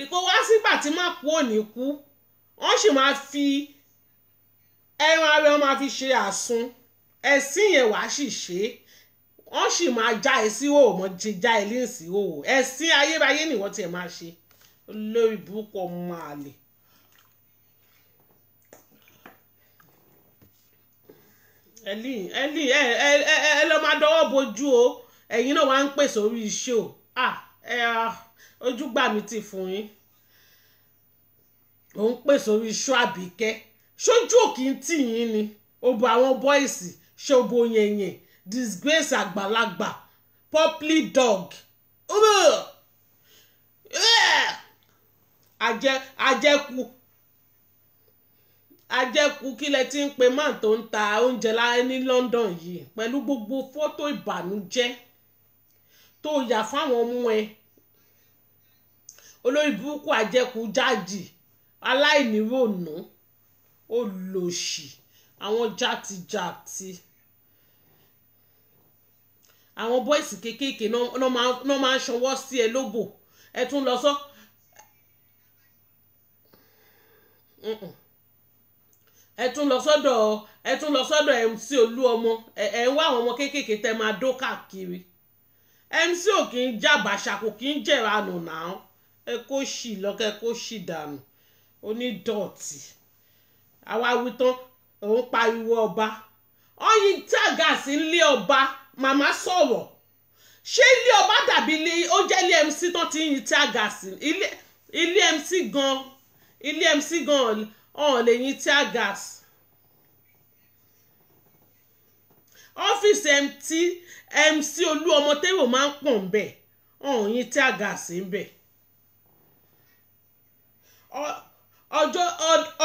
ìkó sígbà tí má kú ò kú wọ́n sì máa fi ẹran ara wọn máa fi ṣe àsun ẹ̀sìn yẹn wàá sì ṣe wọ́n sì máa já ẹ sí òwò mọ́ ti já ẹ léèsì òwò ẹ̀sìn ayérayé nìwọ tiẹ̀ máa ṣe lórí burúkú ọmọ àlè. ẹlí ẹlí ẹ ẹ ẹ lọ máa dọwọ́ bojú o ẹ̀yin náà wàá ń pèsè orí iṣẹ́ o ojú gbà mí ti fún yín òun pèsè orí iṣẹ́ àbíkẹ́ ṣojú òkì ń tì yín ni òbò àwọn bọ́ìsì ṣòbò yẹ̀yẹ̀ disgrace àgbàlagbà poply dog àjẹkù eh! àjẹkù kí lẹ ti ń pe man tó ń ta oúnjẹ láyé ní London yìí pẹ̀lú gbogbo fọ́tò ìbànújẹ́ tó yà fáwọn ọmọ ẹ olórí burúkú àjẹkù jáàjì aláìníròònú. No olòṣì àwọn játijàti àwọn bọ́ìsì kéékèèké náà máa ń ṣọwọ́ sí ẹ lóbò ẹ tún lọ sọ. ẹ tún lọ sọ́dọ̀ ẹ tún lọ sọ́dọ̀ MC Olúọmọ ẹ ń wá àwọn ọmọ kéékèèké tẹ máa dó káàkiri MC ò kì í jàbàṣà kò kì í jẹ̀ranù náà ẹ kó ṣì lọ́kẹ́ kó ṣì dànù onídọ̀tí àwa wí tán òun pariwo ọba ọyìn tàgà sí ilé ọba màmá sọ̀rọ̀ ṣé ilé ọba dàbí ilé ó jẹ́ ilé MC tán ti yin tàgà sí ilé MC gan ilé MC gan ọ̀hún lè yin tàgà sí. ọ́fíìsì MC MC Olúọmọ Taiwo máa ń pọ̀ ńbẹ̀ ọ̀hún yin tàgà sí ńbẹ̀ ọjọ́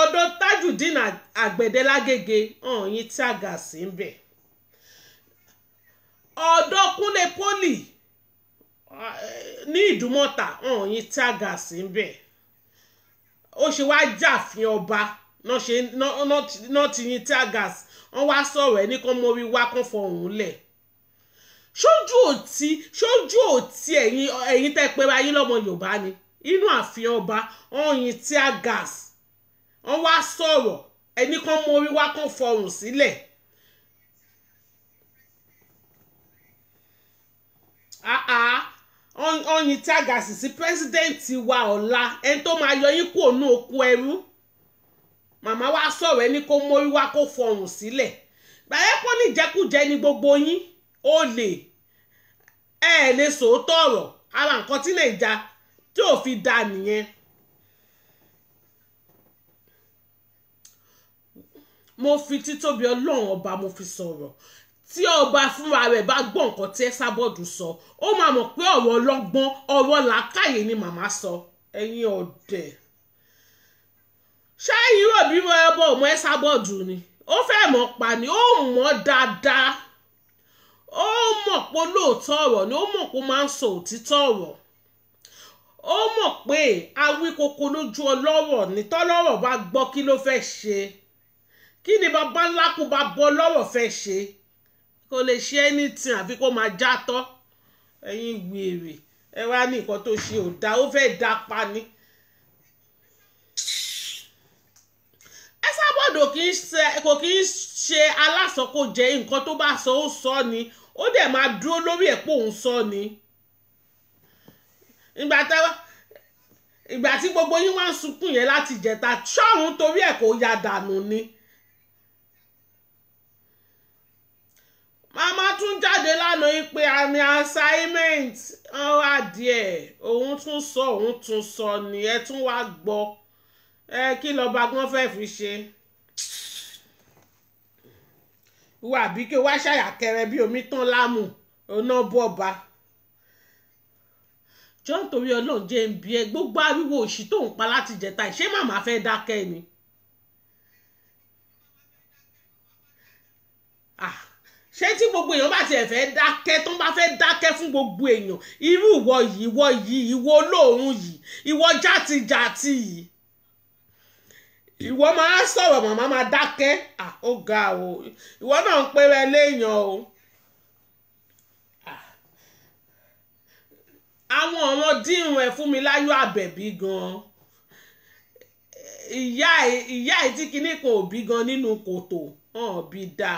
ọ̀dọ̀ tajudeen àgbẹ̀dẹ lágége ọ̀yìn tàgà sí ń bẹ̀ ọ̀dọ̀ kúnlé poli ní ìdúmọ̀tà ọ̀yìn tàgà sí ń bẹ̀ ó ṣe wá jàfin ọba náà ti yin tàgà wọn wá sọ̀rọ̀ ẹ̀ ní kán mọ́ wíwá kán fọ̀hún lẹ̀ ṣojú òtí ṣojú òtí ẹ̀yin ẹ̀yin tẹ́ pé ayé lọ́mọ Yorùbá ni inú ààfin ọba ọyìn tíá gas wọ́n wá sọ̀rọ̀ ẹni kan mọ orí wá kan fọrùn sílẹ̀ ọyìn tíá gas sí pírẹsidẹ́ǹtì wa ọ̀la ẹni tó máa yọ yín kúrò ní oko ẹrú màmá wa sọ̀rọ̀ ẹni kó mórí wá kó fọrùn sílẹ̀ gbàyẹ́pọ̀ ní ìjẹkújẹ ni gbogbo yín ó lè ẹ̀ lè sòótọ́ ọ̀rọ̀ ara nǹkan tí nàìjà tí ò fi dá nìyẹn. mo fi títóbi ọlọ́run ọba mo fi sọ̀rọ̀ tí ọba fúnra rẹ̀ bá gbọ́ nǹkan tí Esabod sọ ó máa mọ̀ pé ọ̀rọ̀ ọlọ́gbọ́n ọ̀rọ̀ làákàyè ni màmá sọ ẹ̀yin ọ̀dẹ̀ ṣé irú òbí rẹ bọ̀ mọ́ Esabod ni ó fẹ́ mọ̀ pa ni ó mọ̀ dáadáa ó mọ̀ pé lóòótọ́ ọ̀rọ̀ ni ó mọ̀ pé ó máa ń sọ òtítọ́ ọ̀rọ̀ ó mọ̀ pé awíkoko lójú ọlọ́rọ̀ ní tọ́lọ́rọ̀ bá gbọ́ kí ló fẹ́ ṣe kí ni bàbá ńlá kù bá bọ́ lọ́rọ̀ fẹ́ ṣe kò lè ṣe anything àfi kó máa já tọ́ ẹ̀yin gbèrè ẹ wá ní nǹkan tó ṣe ò dá ó fẹ́ dá pa ni. Esabod kò kì í ṣe alásọkò jẹ́ nǹkan tó bá sọ ó sọ ni ó dẹ̀ máa dúró lórí ẹ̀ pé òun sọ ni. So ìgbà tẹ́wọ́ ìgbà tí gbogbo yín wá ń sunkún yẹn láti jẹta ṣọ́run torí ẹ̀ kò ya dànù ni. màmá tún jáde lánàá yìí pé àmì assignment ọ̀rọ̀ adìẹ òun tún sọ òun tún sọ ni ẹ tún wá gbọ́ ẹ kí lọ́ba gbọ́n fẹ́ fi ṣe. ìwà àbíkẹ́ wá ṣàyàkẹrẹ bí omi tán lámù ọ̀nà bọ́ọ̀ba jọ́ nítorí ọlọ́run jẹ́ ń bí ẹ gbogbo ariwo òṣì tó ń pa láti jẹta ṣé màmá fẹ́ dákẹ́ ni. Ah, ṣé tí gbogbo èèyàn bá tiẹ̀ fẹ́ dákẹ́ tó ń bá fẹ́ dákẹ́ fún gbogbo èèyàn irú ìwọ yìí ìwọ yìí ìwọ olóòórùn yìí ìwọ játijàti yìí ìwọ máa sọ̀rọ̀ màmá máa dákẹ́ ah, ó ga o ìwọ náà ń pẹ́rẹ́ léèyàn o. àwọn ọ̀ràn dírun ẹ̀ fún mi láyọ̀ àbẹ̀bí gan-an ìyá ìyá ẹ̀ tí kinní kan ò bí gan nínú kòtò hàn bí da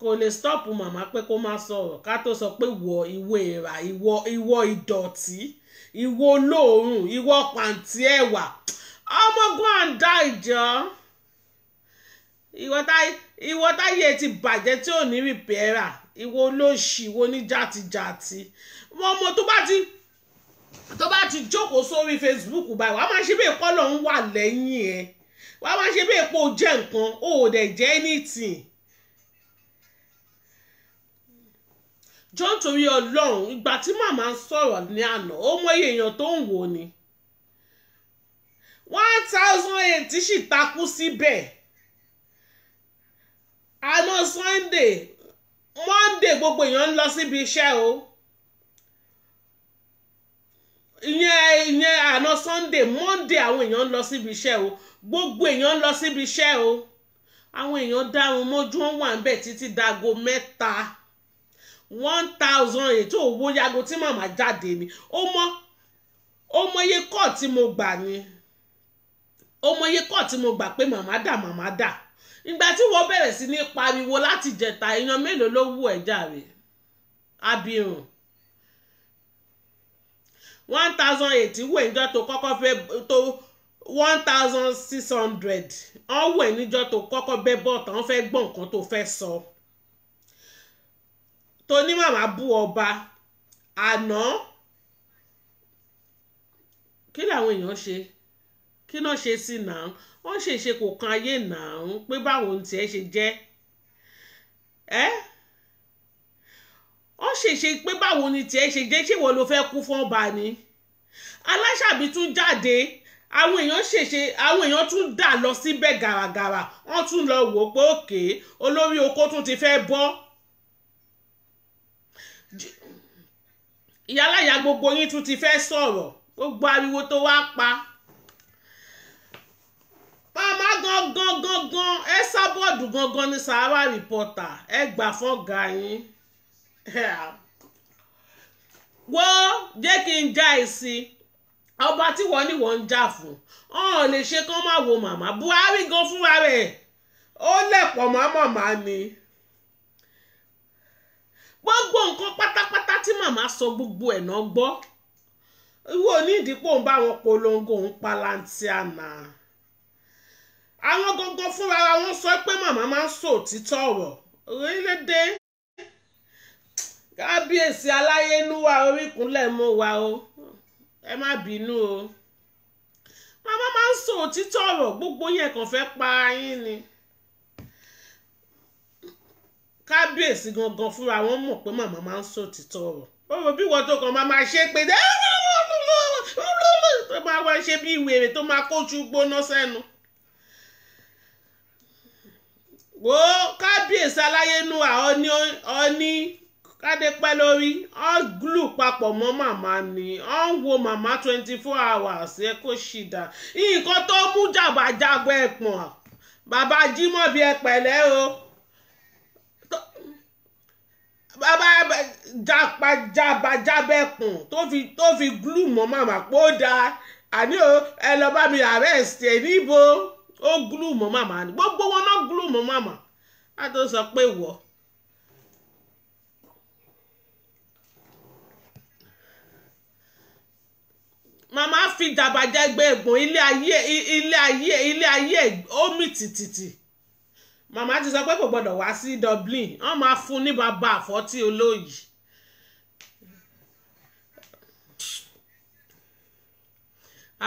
kò lè stọ́ọ̀pù màmá pé kó má sọ̀rọ̀ ká tó sọ pé wọ ìwọ èèrà ìwọ ìwọ ìdọ̀tí ìwọ olóòórùn ìwọ pàǹtí ẹ̀wà ọmọgún àǹdá ìjọ ìwọ táyé ti bàjẹ́ tí ò ní rìpẹ́rà ìwọ olóṣì ìwọ oníjàtijàti wọn mọ tó bá ti tó bá ti jókòó sórí Facebook báyìí wàá máa ṣe bẹ́ẹ̀ kọ́ lọ́n wà lẹ́yìn ẹ̀ wàá máa ṣe bẹ́ẹ̀ pé o jẹ́ nǹkan o ò dẹ̀ jẹ́ anything. John torí Ọlọ́run ìgbà tí màmá ń sọ̀rọ̀ ní àná ó mọ iye èèyàn tó ń wò ni one thousand eight sì takú síbẹ̀ àná Sunday Monday gbogbo èèyàn ń lọ síbi iṣẹ́ o ìyẹn ìyẹn àná Sunday Monday àwọn èèyàn ń lọ síbi iṣẹ́ o gbogbo èèyàn ń lọ síbi iṣẹ́ o àwọn èèyàn dáhùn mọ́jú wọn wà ń bẹ̀ títí dago mẹ́ta one thousand ètò owó yago tí màmá jáde ni ó mọ ó mọye kọ́ tí mo gbà ni ó mọye kọ́ tí mo gbà pé màmá dà màmá dà ìgbà tí wọ́n bẹ̀rẹ̀ sí ní pariwo láti jẹ̀ta èèyàn mélòó ló wù ẹ̀ jàre abirùn one thousand eighty. wẹ̀ níjọ́ tó kọ́kọ́ fẹ́ tó one thousand six hundred wọ́n wẹ̀ níjọ́ tó kọ́kọ́ bẹ́ bọ́ọ̀tà wọ́n fẹ́ gbọ́ nǹkan tó fẹ́ sọ tó ní màmá bú ọba àná kí làwọn èèyàn ṣe kí náà ṣe sí nàá wọ́n ṣèṣe kò kan ayé nàá pé báwo ní tiẹ̀ ṣe jẹ́ ẹ́. Eh? ó ṣèṣe pé báwo ni tiẹ̀ ṣe jẹ́ ṣé wọ́n ló fẹ́ kú fún ọba ni aláṣàbí tún jáde àwọn èèyàn ṣèṣe àwọn èèyàn tún dà lọ síbẹ̀ gàràgàrà wọ́n tún lọ wò ó pé òkè olórí oko tún ti fẹ́ bọ́ ìyáláyà gbogbo yín tún ti fẹ́ sọ̀rọ̀ gbogbo ariwo tó wá pa màmá gangan gangan ẹ sábọ̀dù gangan ní Sahara reporter ẹ gbà fọ́n ga yín. wọ́n jẹ́ kí n já ìsìn ọba tí wọ́n ní wọ́n ń jà fún ọ̀hún lè ṣe kán má wo màmá Buhari gan fúnra rẹ̀ ó lẹ̀pọ̀ mọ́ màmá ni gbogbo nǹkan pátápátá tí màmá sọ gbogbo ẹ̀ náà gbọ́ ìwọ ní ìdípò ń bá wọn polongo ń palantiana àwọn gangan fúnra wọn sọ pé màmá máa ń sọ òtítọ́ ọ̀rọ̀ orílẹ̀-èdè kábíyèsí aláyélúwà oríkúnlẹ̀ mọ́ wa o ẹ má bínú o màmá máa ń sọ òtítọ́ ọ̀rọ̀ gbogbo yẹn kàn fẹ́ pa yín ni kábíyèsí gangan fúnra wọn mọ̀ pé màmá máa ń sọ òtítọ́ ọ̀rọ̀ ó rò bí ìwọ tó kàn máa máa ṣe pé tó máa wá ṣe bí ìwèrè tó máa kójú gbóná sẹ́nu wo kábíyèsí aláyénú àwọn ní kádé pẹ́ lórí ó glù papọ̀ mọ́ màmá ni ó ń wo màmá twenty four hours ẹ kó ṣì dá nǹkan tó mú jàgbàjàgbà ẹ̀pọ̀n bàbá Jímọ̀ bí ẹ pẹ̀lẹ́ o bàbá jàgbàjàgbà ẹ̀pọ̀n tó fi tó fi glù mọ́ màmá pọ̀ dáa àní o ẹ lọ bá mi arrest ẹ níbo ó glù mọ́ màmá ni gbogbo wọn náà glù mọ́ màmá a tó sọ pé wọ́ọ́. fi dàbàjẹ́ gbé ẹ̀gbọ́n ilé ayé ilé ayé ilé ayé omi tìtìtì màmá ti sọ pé kò gbọdọ̀ wá sí Dublin wọ́n máa fún ní bàbá àfọ́tí olóyè.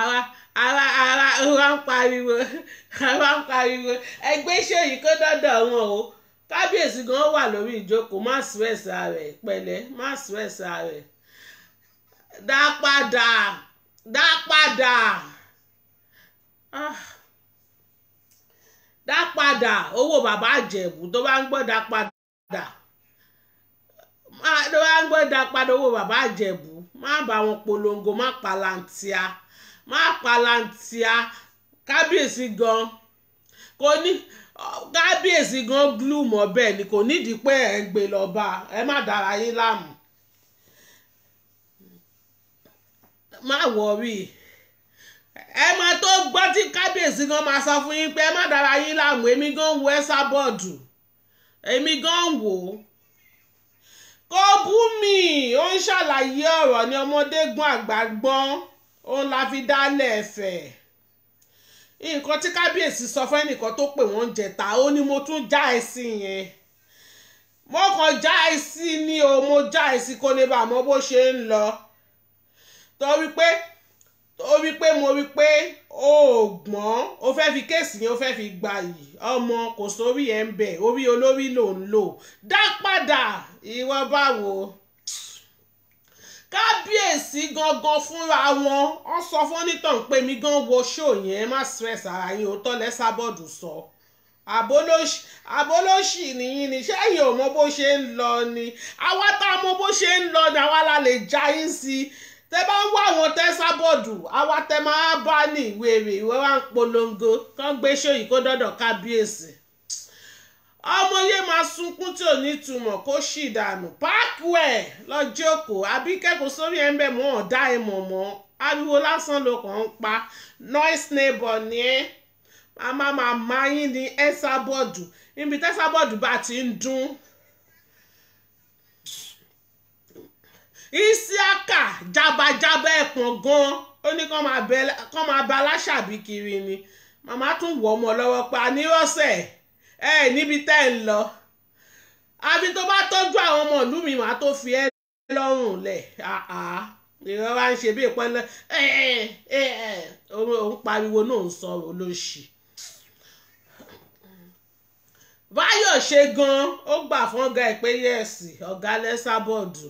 àwa àwa àwa àwa ń pariwo àwa ń pariwo ẹgbẹ́ ìṣòyí kó dọ́dọ̀ wọn o kábíyèsí gan wà lórí ìjókòó má sùn ẹ̀sà rẹ̀ pẹ̀lẹ́ má sùn ẹ̀sà dá padà dá padà ah. dá padà owó bàbá àjẹ̀bù tó bá ń gbọ́ dá padà tó bá ń gbọ́ dá padà owó bàbá àjẹ̀bù má bá wọn polongo má palantia má palantia kábíyèsí gan kò ní kábíyèsí gan glue mọ́ bẹ́ẹ̀ ni kò nídìí pé ẹ̀ ń gbé lọ́ba ẹ má dára yín láàmú má wọ̀rí ẹ máa tó gbọ́ tí kábíyèsí gan máa sọ fún yín pé ẹ má dára yín láàmú èmi gan wo ẹ́sà bọ́ọ̀dù èmi gan wò ó kò bú mi ó ń ṣàlàyé ọ̀rọ̀ ni ọmọdé gbọ́n àgbà òun la fi dálẹ̀ ẹ̀fẹ̀ nǹkan tí kábíyèsí sọ fún ẹnìkan tó pè wọ́n jẹ̀ta ó ní mo tún já ẹ sí yẹn mo kàn já ẹ sí ni o mo já ẹ sí kó lè bàa mọ bó ṣe ń lọ torí pé torí pé mo rí pé ó gbọ́n ó fẹ́ fi kéèsì yẹn ó fẹ́ fi gba yìí ọmọ kò sórí ẹ̀ ń bẹ̀ orí olórí ló ń lò dá padà ìwọ báwo kábíyèsí gangan fúnra wọn ọ sọ fún onítàn pé mi gan wo ṣó yẹn má stress ara yín òótọ́ lẹ́sàbọ̀dù sọ. So àbólóṣì nìyí ni sẹ́yìn ò mọ bó ṣe ń lọ ni àwa tá a mọ bó ṣe ń lọ ni àwa la lè já yín sí i tẹ bá ń wá àwọn tẹsábọọdù àwa tẹ máa bá ní ìwé èrè ìwé wa ń polongo kán gbé sóyìn kó dọdọ kábíyèsí ọmọ yé máa sunkún tí ò ní túmọ̀ kó ṣì dànù páàkì lọ́jọ́ òkò àbí kẹ́kọ̀ọ́ sórí ẹ̀ mọ́ ọ̀dá ẹ̀ mọ́ ariwo lásán ló kàn ń pa noise neighbor ni ẹ́ màmá màmá yín ní ẹ́sà bọ́ọ̀dù níbi tẹ́sà bọ́ọ̀dù bá ti ń dún Isiaka jábàjábà ẹ̀pọ̀n gan ó ní kán máa bẹ aláṣàbí kiri ni màmá tún wọ̀ ọmọ lọ́wọ́ pa nírọ̀sẹ̀ ẹ níbi tẹ́ ń lọ àfi tó bá tọ́jú àwọn ọmọ ìlú mi màá tó fi ẹ́ lọ́rùn lẹ̀ ìran wa ń ṣe bí ìpínlẹ̀ òun pariwo náà ń sọ olóṣì báyọ̀ ṣe gan ó gbà fún ọ̀gá ẹ̀ pé ọ̀gá lẹ́sàbọ̀dù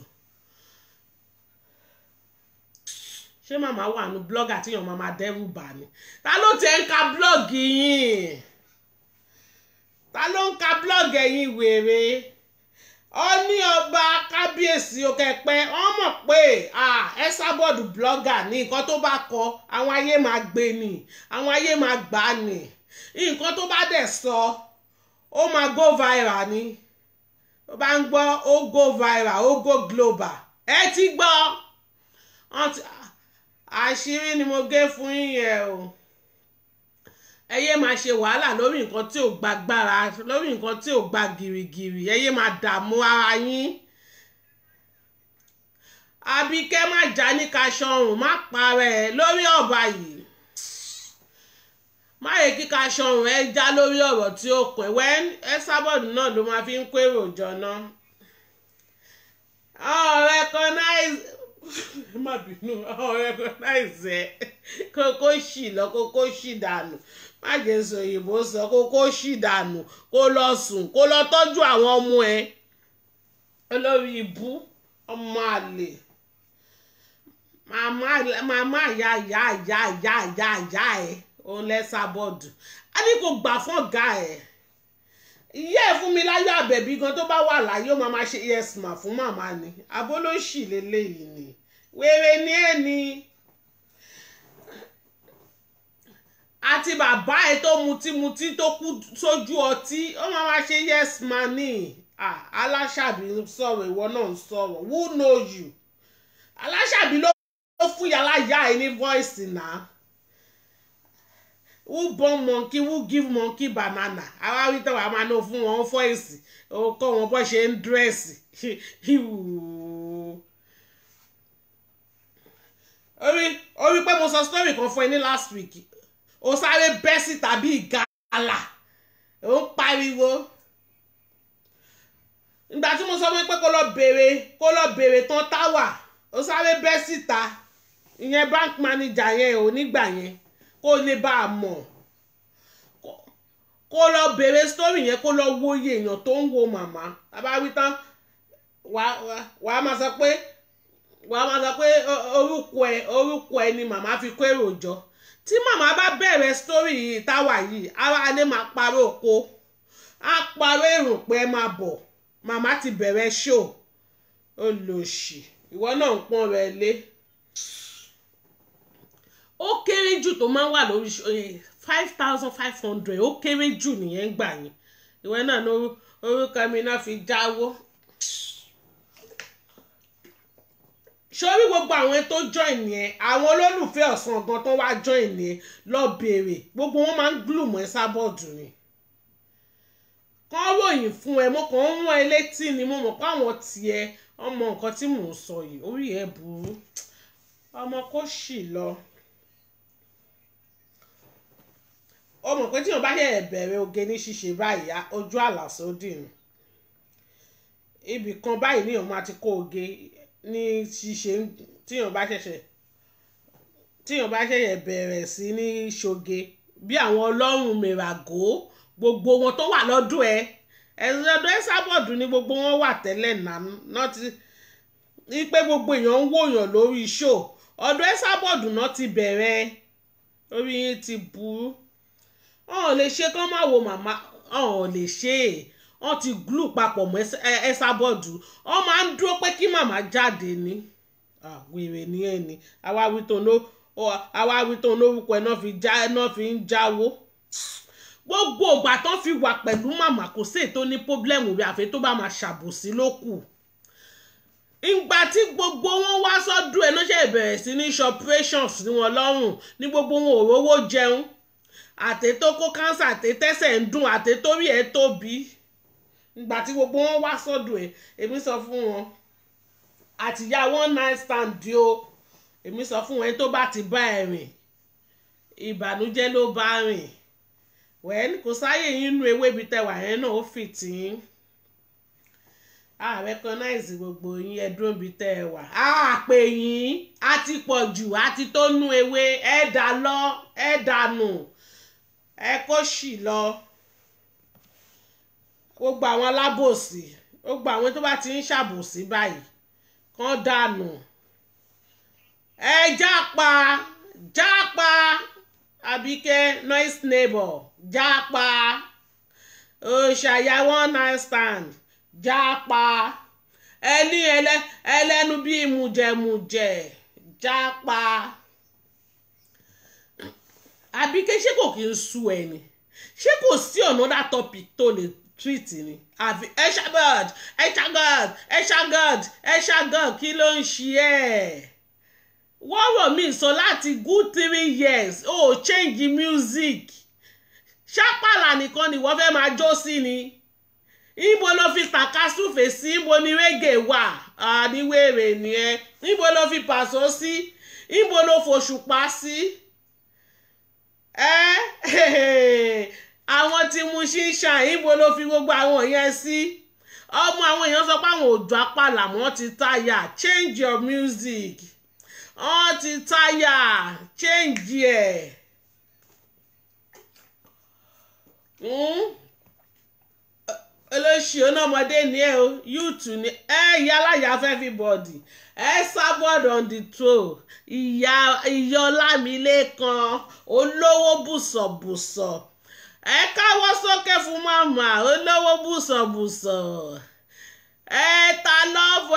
ṣé màmá wà nù blọ́gà tíyan màmá dẹ́rù bà ní ta ló tẹ̀ ń ka blọ́ọ̀gì yín ta ló ń ka blọ́ọ̀gì ẹ̀yin wèrè ó ní ọba kábíyèsí òkèpẹ wọn mọ̀ pé ẹ sábọ̀dù blọ́gà ní nǹkan tó bá kọ àwọn ayé máa gbé ni àwọn ayé máa gbà ni nǹkan tó bá dẹ̀ sọ ó máa go viral ni ó bá ń gbọ́ ó go viral ó go global ẹ ti gbọ́ àṣírí ni mo gé fún yín o ẹ yé máa ṣe wàhálà lórí nǹkan tí ò gba agbára lórí nǹkan tí ò gba gìrìgìrì ẹ yé máa dààmú ara yín Àbíkẹ́ má já ní kaṣọrùn má parẹ́ lórí ọ̀bà yìí má yẹ kí kaṣọrùn ẹ já lórí ọ̀rọ̀ tí ó pẹ́ wẹ́n ẹ sábọ̀dù náà ló máa fi ń kó èròjọ náà ọ̀rẹ́ kan náà ẹ má bínú ọ̀rẹ́ oh, láìsẹ kókó ṣì lọ kókó ṣì dànù má jẹ sọ òyìnbó sọ kókó ṣì dànù kó lọ sùn kó lọ tọ́jú àwọn ọmọ ẹ olórí ibú ọmọ àlè màmá àyà àyà àyà àyà àyà ẹ òun lẹ́sà bọ́ọ̀dù á ní kò gbà fún ọ̀gá ẹ̀ ìyá ẹ̀ fún mi láyọ̀ àbẹ̀bí gan tó bá wà láyé máa ma ṣe yes ma fún màmá ni abólóṣì lélẹ́yìí ni wèrè ni ẹ̀ ni àti bàbá ẹ̀ tó mutímutí tó kú sójú ọtí ó máa ma ṣe yes ma ni aláṣàbí sọ̀rọ̀ ìwọ náà ń sọ̀rọ̀ who know you aláṣàbí ló fún yàrá ìyá ẹ̀ ní voice náà who born monkey who give monkey banana àwa wí tán wàá máa ná fún wọn fọ́ èsì ó kọ́ wọn bọ́ ṣe ń dírẹ́sì orí orí pé mo sọ story kan fún ẹ ní last week o sáré bẹ́ sí tàbí ìgalà ó ń pariwo ìgbà tí mo sọ pé kó lọ béèrè kó lọ béèrè tán táwà ó sáré bẹ́ síta ìyẹn bank manager yẹn ò nígbà yẹn kó lè bá a mọ̀ kó lọ bèrè sítórì yẹn kó lọ wòye èèyàn tó ń wo màmá bàbá wí tán wà á máa sọ pé wà á máa sọ pé orúkọ ẹ orúkọ ẹ ni màmá fi kó èrò jọ tí màmá bá bẹ̀rẹ̀ sítórì yìí táwa yìí ara lè máa parọ́ oko á parọ́ èrò pé ẹ máa bọ̀ màmá ti bẹ̀rẹ̀ ṣó olóṣì ìwọ náà ń pọ́n rẹ lé ó kéré jù tó máa ń wà lórí eh, five thousand five hundred ó kéré jù nìyẹn ń gbà yẹn ìwé náà ní orúkọ mi náà fi jáwó. sórí gbogbo àwọn tó join yẹn àwọn olólùfẹ́ ọ̀sán gan tó wá join yẹn lọ béèrè gbogbo wọn máa ń glùmù ẹ sábọ̀dù ni kán ròyìn fún ẹ mo kàn ń wọ́n ẹ létí ni mo mọ̀ páwọn tiẹ̀ ọmọ nǹkan tí mò ń sọ yìí orí ẹ burú ọmọ kò sì lọ. ó mọ̀ pé tí wọ́n bá yẹ bẹ̀rẹ̀ oge ní ṣíṣe báyìí ojú àlàsó dìrùn ibì kan báyìí ní ọmọ àti kó oge ní ṣíṣe tí wọ́n bá ṣẹ̀ṣẹ̀ tí wọ́n bá ṣẹ̀ṣẹ̀ bẹ̀rẹ̀ sí ní ṣoge bí àwọn ọlọ́run mìràgó gbogbo wọn tó wà lọ́dún ẹ ẹ̀sìn ọdún ẹ sábọ̀dù ni gbogbo wọn wà tẹ́lẹ̀ náà ti ní pé gbogbo èèyàn ń wòyàn lórí show ọdún ẹ sábọ̀dù náà ti bẹ̀rẹ̀ orí yín ti burú wọn ò lè ṣe kán má wo màmá wọn ò lè ṣe é wọn ti glu papọ̀ mọ́ ẹ̀sà bọ́ọ̀dù wọn máa ń dúró pé kí màmá jáde ni wèrè ní ẹni àwa wí tó lórúkọ ẹ náà fi ń jáwó gbogbo ìgbà tán fi wà pẹ̀lú màmá kò sí ètò ní pọ́blẹ́mù bí àfi tó bá máa ṣàbòsí ló kù ìgbà tí gbogbo wọn wá sọ́dún ẹ̀ ló ṣe bẹ̀rẹ̀ sí ní ṣọpẹ́ṣọ̀s ní wọn lọ́rùn ní gbogbo wọn ò rówó jẹun àtẹ tó kó kánsà àtẹ tẹ́sẹ̀ ń dùn àtẹ torí ẹ̀ tóbi ìgbà tí gbogbo wọn wá sọ́dọ̀ ẹ̀ èmi sọ fún wọn àtìyá one night stand di o èmi sọ fún wọn ẹni tó bá ti bá ẹ rìn ìbànújẹ́ ló bá rìn wẹ́n kò sáyè yín nu ewé ibi tẹ́wà yẹn náà ó fì tí ń ààrẹ kọ́náìsì gbogbo yín ẹ̀dùn ibi tẹ́wà àpè yín á ti pọ̀ jù á ti tó nu ewé ẹ̀ dà lọ ẹ̀ dànù. No ẹ kó ṣì lọ gbogbo àwọn alábòsí gbogbo àwọn tó bá ti ń ṣàbòsí báyìí kán dànù ẹ jápa jápa Àbíkẹ́ nice neighbor jápa òṣàyà one night stand jápa ẹni ẹlẹ́nu bíi mùjẹ̀mùjẹ̀ jápa àbí ké ṣé kò kí ń sú ẹ ni ṣé kò sí another topic tó lè treat ni àfi ẹ ṣàgọ́d ẹ ṣàgọ́d ẹ ṣàgọ́d ẹ ṣàgọ́d kí ló ń ṣe ẹ́ wọ́rọ̀ mi sọ láti good three years ó oh, change music ṣápàlà nìkan ni wọ́n fẹ́ máa jó sí ni ibo ló fi tàkásùfè sí ibo ni rege wà àníwèrè nìyẹn ibo ló fi pàṣọ sí ibo ló fòṣùpá sí. Si Eh? àwọn tí mu ṣí ń ṣàn ìbò ló fi gbogbo àwọn yẹn sí ọmọ àwọn èèyàn sọ pé àwọn òjò apàlà wọn ti táyà change your music wọn ti táyà change ẹ. Mm? olóṣì onámọdé ni ẹ o yúùtù ni ẹ ìyá aláya fẹ́ fi bọ̀dì ẹ sábọ̀d on the toe ìyá ìyọlámilékan olówó bùsọ̀bùsọ̀ ẹ káwọ́ sókè fún màmá olówó bùsọ̀bùsọ̀ ẹ ta lọ́ọ̀fù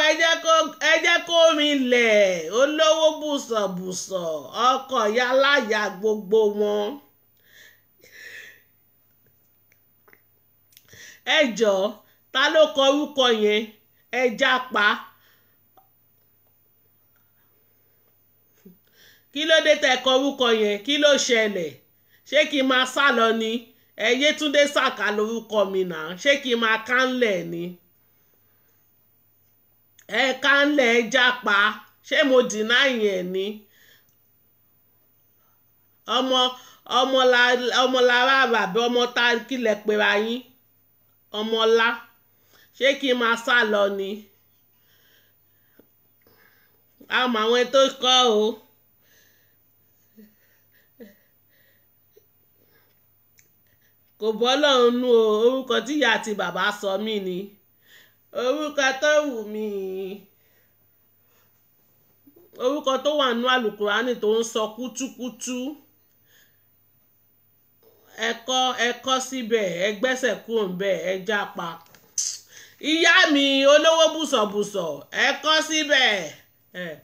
ẹ jẹ́ kó rinlẹ̀ olówó bùsọ̀bùsọ̀ ọkọ̀ ìyá aláya gbogbo wọn. ẹ ta ló kọ orúkọ yẹn ẹ kí ló dé tẹ orúkọ yẹn kí ló ṣẹlẹ̀ ṣé kí n máa sá lọ ni ẹ Yétúndé Sàká lórúkọ mi náà ṣé kí n máa ni ẹ kánlẹ̀ ẹ jápa ṣé mo dìnnà yẹn ni ọmọ àbí ọmọlá ṣé kí n máa sá lọ ni a mọ àwọn tó kọ́ o kò bọ́ lọ́run nú o orúkọ tíyà àti bàbá sọ mí ni orúkọ tó wù mí orúkọ tó wà nú àlùkùránì tó ń sọ kútúkútú. Kutu, kutu. ẹkọ ẹkọ ẹ kọ́ síbẹ̀ ẹ gbẹ́sẹ̀ ńbẹ̀ ẹ jápa ìyá mi olówó bùsọ̀bùsọ̀ ẹ kọ́ síbẹ̀ eh,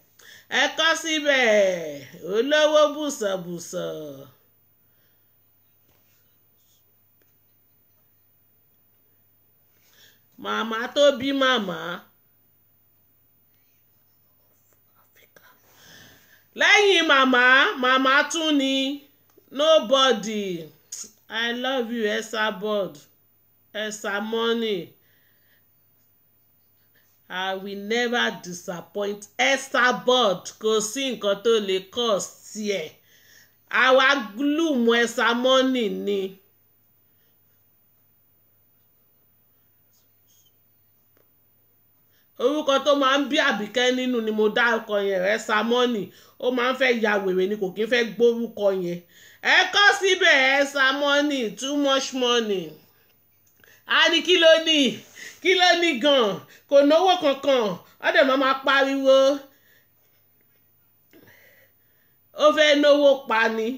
ẹ síbẹ̀ olówó bùsọ̀bùsọ̀. màmá tó bí màmá lẹ́yìn màmá màmá tún ni nobody. I love you Esther bud, Esther Money I will never disappoint Esther bud, kò sí nǹkan tó lè kọ̀ sí ẹ̀ àwa glúùmù Esther Money ni. orúkọ tó máa ń bí àbíkẹ́ nínú ni mo dá ọkọ yẹn Esther Money ó máa ń fẹ́ ya wèrè ni kò kí ń fẹ́ gbórúkọ yẹn ẹ kọ́ síbẹ̀ ẹ̀sà money too much money a ní kí ló ní kí ló ní gan kò náwó kankan ọ̀dẹ̀ máa ma pariwo ó fẹ́ náwó pa ni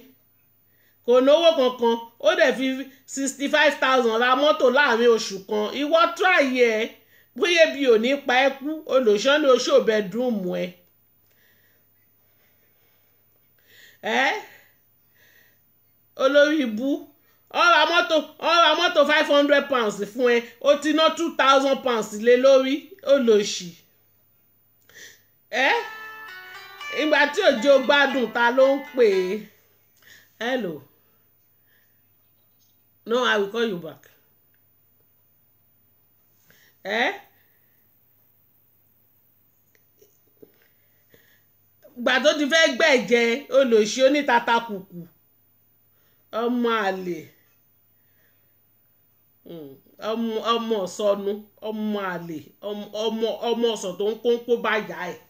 kò náwó kankan ó dẹ̀ fi sixty five thousand ra mọ́tò láàrin oṣù kan ìwọ try ẹ bóyá bí ò ní pa ẹ́ kú olùṣọ́ni oṣù bẹ́ẹ̀ dùn mú ẹ. Eh? olórí ibú ọ̀rà mọ́tò ọ̀rà mọ́tò five hundred pounds fún ẹ o ti ná two thousand pounds lé lórí olóṣì ẹ ìgbà tí òjò gbádùn ta ló ń pè é hello no i will call you back ẹ gbà tó ti fẹ́ gbẹ̀jẹ̀ olóṣì onítàtàkùkù ọmọ àlè hmm, ọmọ ọ̀sọ́nu ọmọ àlè ọmọ ọ̀sọ̀ tó ń kó ń kó bá yá ẹ̀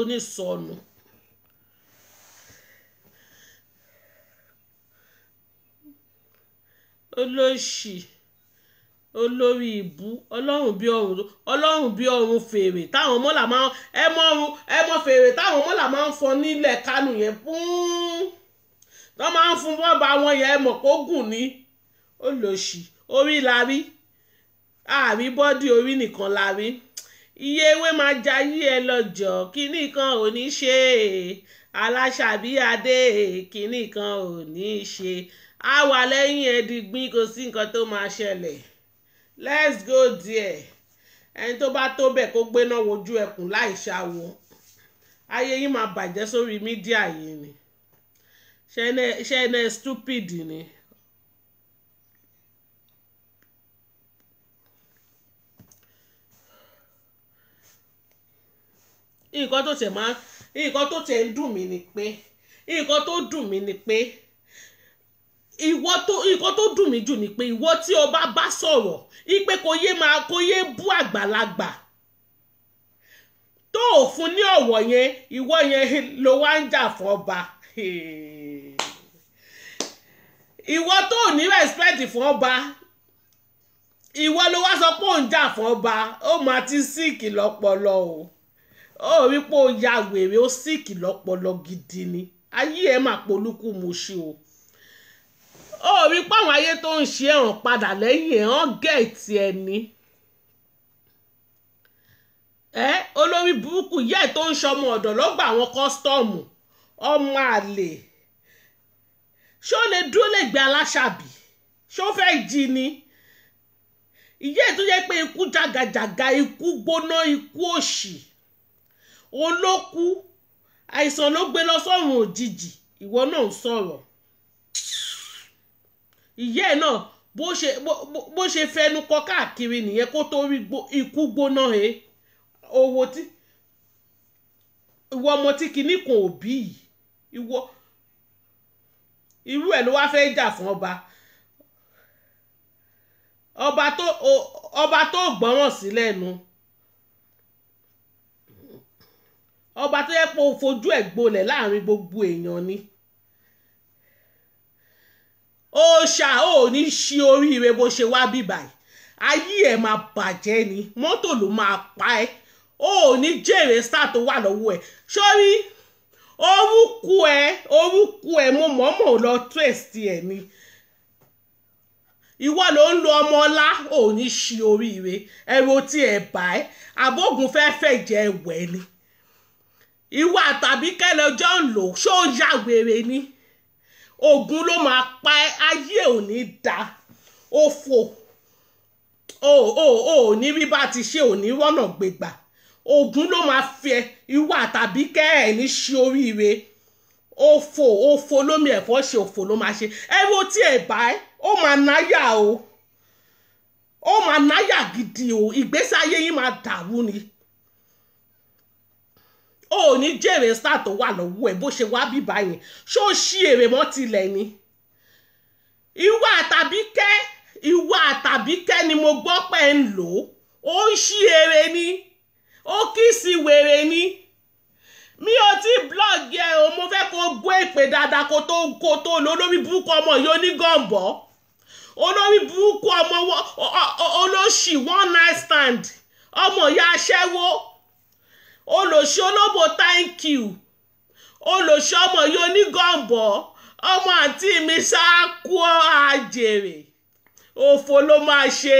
onísọ̀nù. olóṣì olórí ìbú ọlọ́run bí ọ̀run ọlọ́run bí ọ̀run fèrè táwọn mọ́là máa ẹ mọ ọ̀run ẹ mọ fèrè táwọn mọ́là máa ń fọ nílẹ̀ kánú yẹn fún tó máa ń fún bọ́ọ̀bà wọn yẹn mọ̀ kó gùn ní olóṣì orí la rí àrí bọ́dì orí nìkan la rí iye ewé máa jayé ẹ lọ́jọ́ kínní kan ò ní ṣe aláṣàbí adé kínní kan ò ní ṣe a wà lẹ́yìn ẹ̀ dìgbín kò sí nǹkan tó máa ṣẹlẹ̀ let's go there ẹni tó bá tó bẹ̀ kó gbéná wojú ẹkùn láì ṣàwọ̀ ayé yìí máa bàjẹ́ sórí mídíà yìí ni ṣe ẹ náà stupid ni. nǹkan tó tẹ̀ máa nǹkan tó tẹ̀ ń dùn mí ni pé nǹkan tó dùn mí ni pé ìwọ tó nǹkan tó dùn mí jù ni pé ìwọ tí ọba bá sọ̀rọ̀ ipe kò yé máa kò yé bú àgbàlagbà tó ò fún ní ọ̀wọ̀ yẹn ìwọ yẹn ló wá ń jà fọba ìwọ tó ò ní respect fún ọba ìwọ ló wá sọ pé òun jà fọba ó máa ti síìkì lọ́pọlọ o ó rí pé ó ya wèrè ó síìkì lọ́pọlọ gidi ni ayé ẹ̀ máa polúkú mu ṣe o ó rí páwọn ayé tó ń ṣe ẹ̀hàn padà lẹ́yìn ẹ̀hàn gẹ̀ẹ́tì ẹni ẹ olórí burúkú yẹ tó ń ṣọmọ ọ̀dọ̀ ló gba àwọn kọ́sítọ́ọ̀mù ọmọ àlè ṣó lè dúró lè gbé aláṣàbí ṣó fẹ́ jí ni ìyá ẹ̀ tó yẹ pé ikú jàgàjàgà ikú gbóná ikú òṣì olókú àìsàn ló gbé lọ sọ́run òjijì ìwọ náà ń sọ̀rọ̀ ìyá ẹ̀ náà bó ṣe bó ṣe fẹnu kọ káàkiri nìyẹn kó tó rí ikú gbóná he owó tí ìwọ ọmọ tí kinní kan ò bí yìí ìwọ irú ẹ̀ ló wá fẹ́ jà fún ọba ọba tó ọba tó gbọ́ràn sí lẹ́nu ọba tó yẹ pé ó fojú ẹ̀ gbolẹ̀ láàrin gbogbo èèyàn ni ó ṣá ò ní ṣí oríire bó ṣe wá bí báyìí ayé ẹ̀ máa bàjẹ́ ni mọ́tò ló máa pa ẹ́ ó ní jèrè star tó wà lọ́wọ́ ẹ̀ sórí orúkú ẹ orúkú ẹ mo mọ̀ọ́mọ̀ lọ trace ẹ̀ ni ìwọ ló ń lo ọmọ ọlá ò ní ṣí oríire ẹ̀rọ tí ẹ̀ bá ẹ́ abógun fẹ́ fẹ́ jẹ́ ẹ̀wẹ̀ ni ìwà tàbí kẹ́lẹ́ ọjọ́ ń lò ṣó ń yàgbére ni ogun ló máa pa ẹ́ ayé ò da òfò o ò ò ní rí bá ti ṣe ò ní rọ́nà gbégbà ogun ló máa fi ẹ ìwà tàbí kẹ́ ẹ̀ ní ṣe oríire òfò òfò lómi ẹ̀fọ́ ṣe òfò ló máa ṣe ẹ wo tí ẹ bá ẹ ó máa náyà o ó máa náyà gidi o ìgbésí ayé yín máa dàrú ni o ò ní jèrè star tó wà lọ́wọ́ ẹ̀ bó ṣe wá bí báyìí ṣó ṣí èrè mọ́ tilẹ̀ ni ìwà tàbí kẹ́ ìwà tàbí kẹ́ ni mo gbọ́ pé ń lò ó ń ṣí èrè ni ó kì í sí wèrè ni mi ò tí blọọgì ẹ o mo fẹ́ kó gbọ́ èpè dáadáa kó tó kó tó lọ burúkú ọmọ yìí onígànbọ́ olórí burúkú ọmọ olóṣì one night stand ọmọ ìyá aṣẹ́wó olòṣì olóbò thank you olòṣì ọmọ yìí onígànbọ ọmọ àǹtí mi ṣáà kú àjèrè òfò ló máa ṣe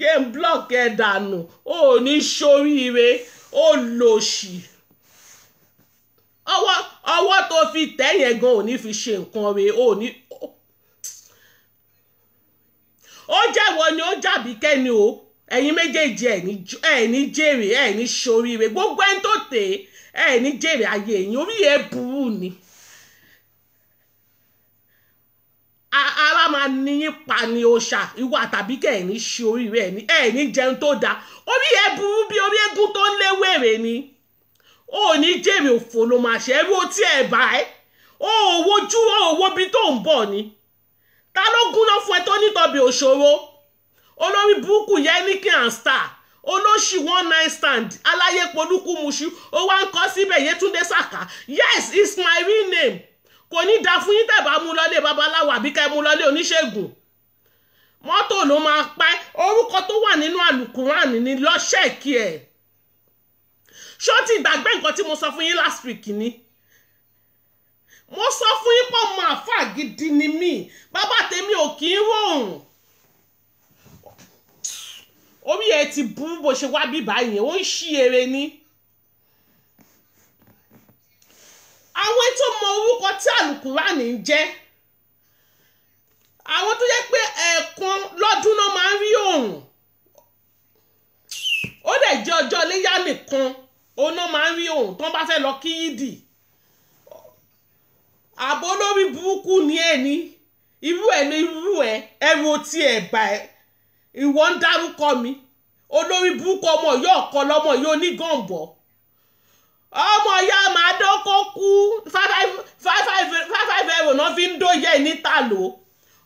game block ẹ̀ dànù ò ní ṣoríire olòṣì ọwọ́ ọwọ́ tó fi tẹ̀ yẹn gan ò ní fi ṣe nǹkan re ò ní. ó jẹ́wọ́ ni ó jàbí kẹ́ni o ẹ̀yin méjèèjì ẹ̀ ní jèrè ẹ̀ ní ṣoríire gbogbo ẹni tó tè é ẹ̀ ní jèrè ayé ẹ̀yin orí ẹ̀ burú ni ara máa níyín pa ni òòṣà ìwà tàbí kẹ́ ẹ̀ ní ṣe oríire ẹ̀ ní jẹun tó dáa orí ẹ̀ burú bí orí eégún tó ń léwèrè ni ó ní jèrè òfò ló máa ṣe ẹrú tí ẹ̀ bá ẹ̀ ó wojú ó wo bí tó ń bọ̀ ni ta ló gúná fún ẹ tó nítọ́bi òṣòro olórí burúkú yẹ́nìkìn and star olóṣì one night stand aláyé polúkú muṣu ó wá ń kọ́ síbẹ̀ yétúndé saka. yes it's my real name kò ní da fún yín tẹ̀bá mú lọlé babaláwo àbí ká mú lọlé oníṣègùn mọ́tò ló máa pa ẹ́ orúkọ tó wà nínú àlùkùrán ni lọ́ṣẹ̀kì ẹ̀ ṣó ti gbàgbé nǹkan tí mo sọ fún yín last week ni mo sọ fún yín pọ̀ mọ́ àfà ni mí bàbá tèmi ò kì í rọrùn orí ẹ ti bú bó ṣe wá bí báyìí ó ń ṣí eré ní. àwọn tó mọ orúkọ tí àlùkùránì ń jẹ́ àwọn tó jẹ́ pé ẹ̀ẹ̀kan lọ́dún náà máa ń rí oòrùn ó dẹ̀ jẹ́ ọjọ́ iléyá nìkan oná máa ń rí oòrùn tó ń bá fẹ́ lọ kí yídì àbó lórí burúkú ni ẹ̀ ní irú ẹ̀ ní irú ẹ̀ ẹ̀rù otí ẹ̀ bá ẹ̀ ìwọ ń dárúkọ mi olórí burúkú ọmọ yóò kọ lọmọ yóò ní gànbọ̀ ọmọ ya máa dọ́kọ́ kú five five five. náà fi ń dóye níta lò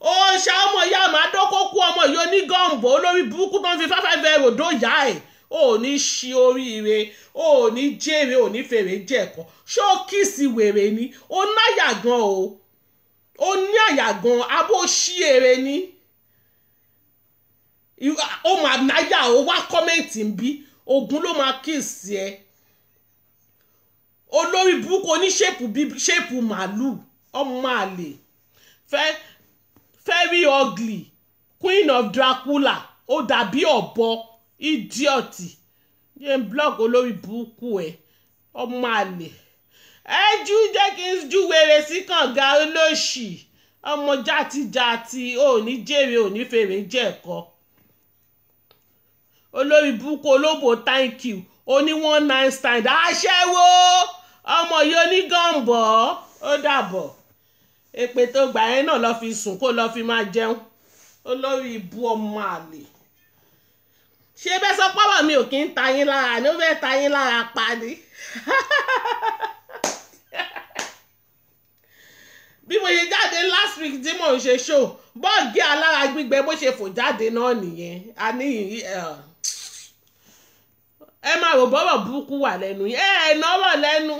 ó ṣá ọmọ ya máa dọ́kọ́ kú ọmọ yóò ní gànbọ̀ olórí burúkú náà fi five five five. ẹ̀ ò ní ṣe oríire ò ní jèrè ò ní fèrè jẹ̀kọ́ ṣé ó kíìsì wèrè ni ó náyà gan o ó ní àyà gan abó ṣí èrè ni ó máa náyà ó wá kọ́mẹ̀ntì ń bí ogun ló máa kíìsì ẹ olórí burúkú oníṣèpù bí ṣèpù màálù ọmọ àlè very ugly queen of dracula ó dàbí ọ̀bọ idiot yẹn blog olórí burúkú ẹ ọmọ àlè ẹ jú jẹ́ kí n ju wèrè sí kànga olóṣì ọmọ játijàti ò ní jèrè ò ní fèrè jẹ́ ẹ̀kọ́ olórí burúkú olóbò thank you oní one nine stand aṣẹ́wó ọmọ yìí onígànbọ̀ ó dàbọ̀ èpè tó gbà yẹn náà lọ fi sùn kó lọ fi máa jẹun olórí ibú ọmọ àlè ṣé bẹ́ẹ̀ sọ pọ́wọ́ mi ò kí ń ta yín lára ni ó fẹ́ ta yín lára pa ni bí mo ṣe jáde last week tí mò ń ṣe show bọ́ọ̀gì alára gbígbẹ bó ṣe fò jáde náà nìyẹn a ní eh, ẹ máa rò bọ́rọ̀ burúkú wà lẹ́nu yín ẹ ẹ nọ́rọ̀ lẹ́nu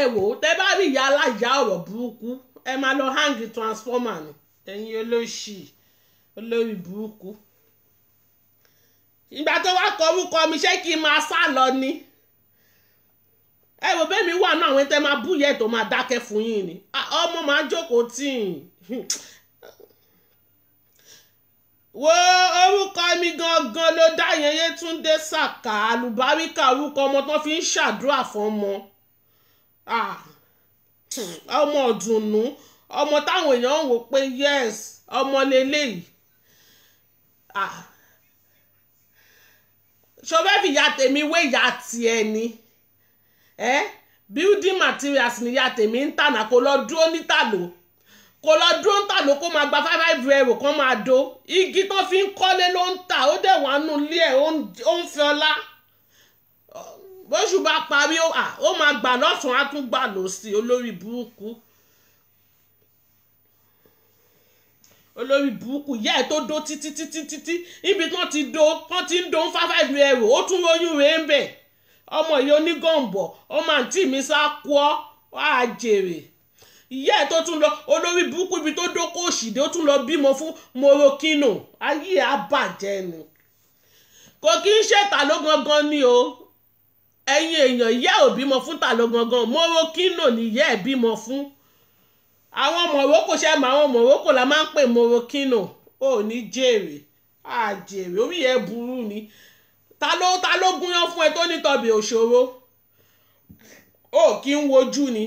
ẹ wò ó tẹ bá rí ìyá alájà ọ̀rọ̀ burúkú ẹ máa lọ hangi transformer ni ẹ̀yin olóṣì olórí burúkú ìgbà tó wá kọ orúkọ mi ṣé kí n máa sá lọ ni ẹ wò bẹ́ẹ̀mi wà náà àwọn ẹ̀tẹ́ máa búyẹ̀ tó máa dákẹ́ fún yín ni ah, ọmọ máa ń jókòó tì í wo orúkọ mi gangan ló dá yẹyẹ túndé sàkà àlùbáríkà orúkọ ọmọ tán fi ń ṣàdúrà fọmọ ọmọ ọ̀dùnnú ọmọ táwọn èèyàn ń wò pé yes ọmọ lélẹ́yìí ṣọfẹ́ fi ìyá tèmi wé ìyá tiẹ̀ ni building materials ni ìyá tèmi ń tànà náà kó lọ dúró kò lọ dúró ń tà ló kó máa gba five five euro kan máa do igi tó fi ń kọ́lé ló ń tà ó dẹ̀ wà nù ilé ẹ̀ ó ń fi ọlá bóṣù bá parí ó máa gbà lọ́sùn á tún gbà lọ́sì olórí burúkú olórí burúkú yẹ́ ẹ̀ tó dó títí títí títí ibi tán ti do tán ti ń do five five euro ó tún lóyún rẹ̀ ń bẹ̀ ọmọ yìí onígànbọ̀ ọmọ àǹtí mi sá kú ọ́ wàá jèrè ìyá ẹ̀ tó tún lọ olórí burúkú ibi tó dókó òṣìdé ó tún lọ bímọ fún morokino ayé àbàjẹ́ ni kò kí ń ṣe ta ló gangan ni o ẹ̀yin èèyàn ìyá ò bímọ fún ta ló gangan morokino ni ìyá ẹ̀ bímọ fún àwọn morocco ṣe mọ àwọn morocco la máa ń pè morokino ò ní jèrè àjèrè orí ẹ̀ burú ni ta ló ta ló gúnyán fún ẹ tó ní tọbẹ òṣòro ò kí ń wojú ni.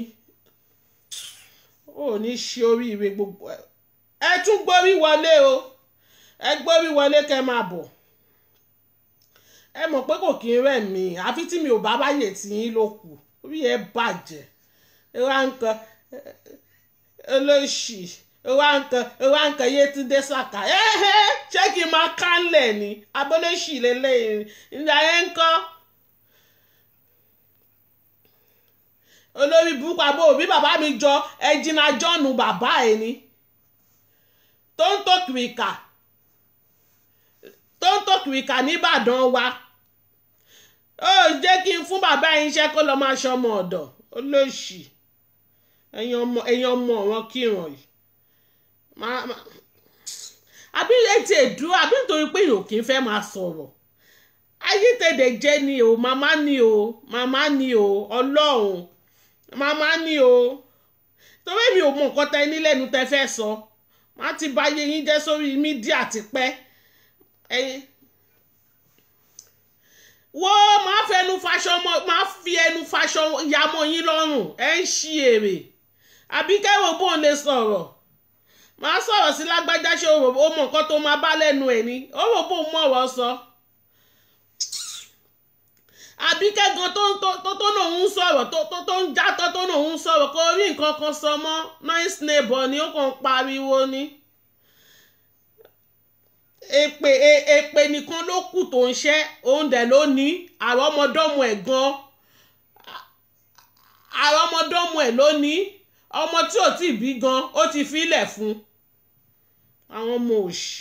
ò ní ṣe oríire gbogbo ẹ tún gbórí wọlé o ẹ gbórí wọlé kẹ máa bọ ẹ mọ̀ pé kò kí n rẹ̀ mí àfi tí mi ò bá báyè tí yín ló kù orí ẹ bàjẹ́ ẹ wá nǹkan olóṣì wankan ṣé kí n olórí burúkú àbò òbí bàbá mi jọ ẹjìnà jọ́ọ̀nù bàbá ẹ̀ ni tó ń tó kìrìkà tó ń tó kìrìkà nìbàdàn wa ó jẹ́ kí n fún bàbá yín iṣẹ́ kó lọ́ọ́ máa ṣọmọ ọ̀dọ̀ olóṣì ẹ̀yin ọmọ ẹ̀yin ọmọ wọn kírun yìí àbí etí èdúró àbí nítorí pé èèyàn kì í fẹ́ máa sọ̀rọ̀ ayé jẹ́ ni o màmá ni o màmá ni o ọlọ́run màmá ni o torí mi ò mọ nǹkan tẹ ní lẹ́nu tẹ fẹ́ sọ má ti bà yé yín jẹ́ sórí mídíà ti pẹ́ wo máa fẹnu faṣọ máa fi ẹnu faṣọ yamọ yín lọ́rùn ẹ ń ṣí èrè àbíkẹ́ wo bóun lè sọ̀rọ̀ máa sọ̀rọ̀ sí lágbájá ṣe o mọ nǹkan tó máa bá lẹ́nu ẹ̀ ni ó rò bóun mọ̀ ọ̀rọ̀ sọ. So àbíkẹ́ gan tó tó náà ń sọ̀rọ̀ tó tó ń játọ́ tó náà ń sọ̀rọ̀ kò rí nǹkan kan sọ mọ́ nice neighbor ni ó kàn ń pariwo ni èpè e, èpè nìkan ló kù tó ń ṣe òun dẹ̀ ló ní àwọn ọmọdọ́mọ ẹ̀ gan àwọn ọmọdọ́mọ ẹ̀ ló ní ọmọ tí ò tí bí gan ó ti filẹ̀ fún àwọn ọmọ òṣì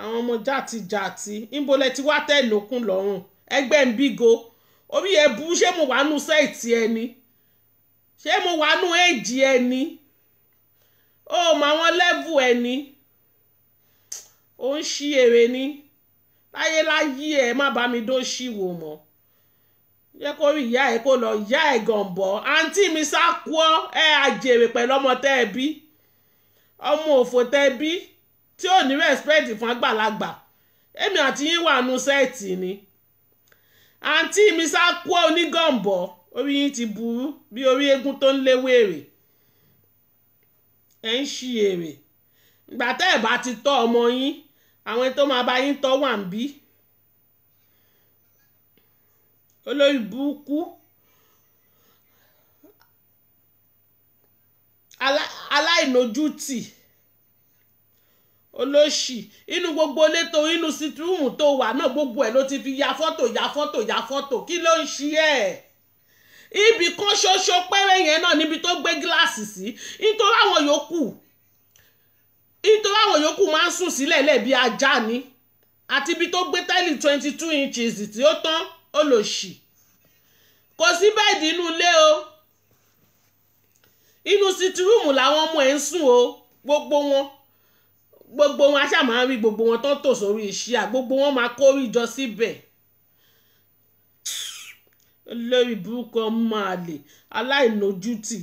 àwọn ọmọ jàtijàti ńbọlẹ̀ tí wá tẹ̀ lókun lọ́rùn ẹgbẹ́ ń bígo omi yẹn bu ṣé mo wà nù sẹ́ẹ̀tì ẹni ṣé mo wà nù èjì ẹni ó mọ àwọn lẹ́vù ẹni ó ń ṣí èrè ni láyé láyé ẹ má bá mi dó ṣíwò mọ́ yẹ kó rí ìyá ẹ kó lọ ìyá ẹ gànbọ àǹtí mi sá kú ọ ẹ àjèrè pẹ̀lú ọmọ tẹ́ ẹ bí ọmọ òfò tẹ́ ẹ bí tí ò ní rẹ́spẹ̀tì fún àgbàlagbà èmi àti yín wà nù sẹ́ẹ̀tì ni àǹtí mi sá kú onígànbọ̀ orí yín ti burú bí orí eégún tó ń léwé èrè ẹ̀ ń ṣí èrè ìgbà tẹ́ ẹ̀ bá ti tọ́ ọmọ yín àwọn tó máa bá yín tọ́ wà ń bí olórí burúkú aláìnojútì. Ala, olóṣì inú gbogbo ilé tó inú sitirúùmù tó wà náà gbogbo ẹ̀ ló ti fi ya fọ́tò ya fọ́tò ya fọ́tò kí ló ń ṣe ẹ́ ibì kan ṣoṣo péré yẹn náà níbi tó gbé gíláàsì sí nítorí àwọn yòókù nítorí àwọn yòókù máa ń sùn sílẹ̀ lẹ́ẹ̀bí ajá ni àti ibi tó gbé tẹ́lì twenty two inches tí ó tán olóṣì kò sí bẹ́ẹ̀dì inú ilé o inú sitirúùmù làwọn ọmọ ẹ̀ ń sùn o gbogbo wọn gbogbo wọn aṣáà máa ń rí gbogbo wọn tó ń tò sórí iṣẹ́ à gbogbo wọn máa kórè jọ síbẹ̀ lórí burúkú ọmọ àlè aláìlójútì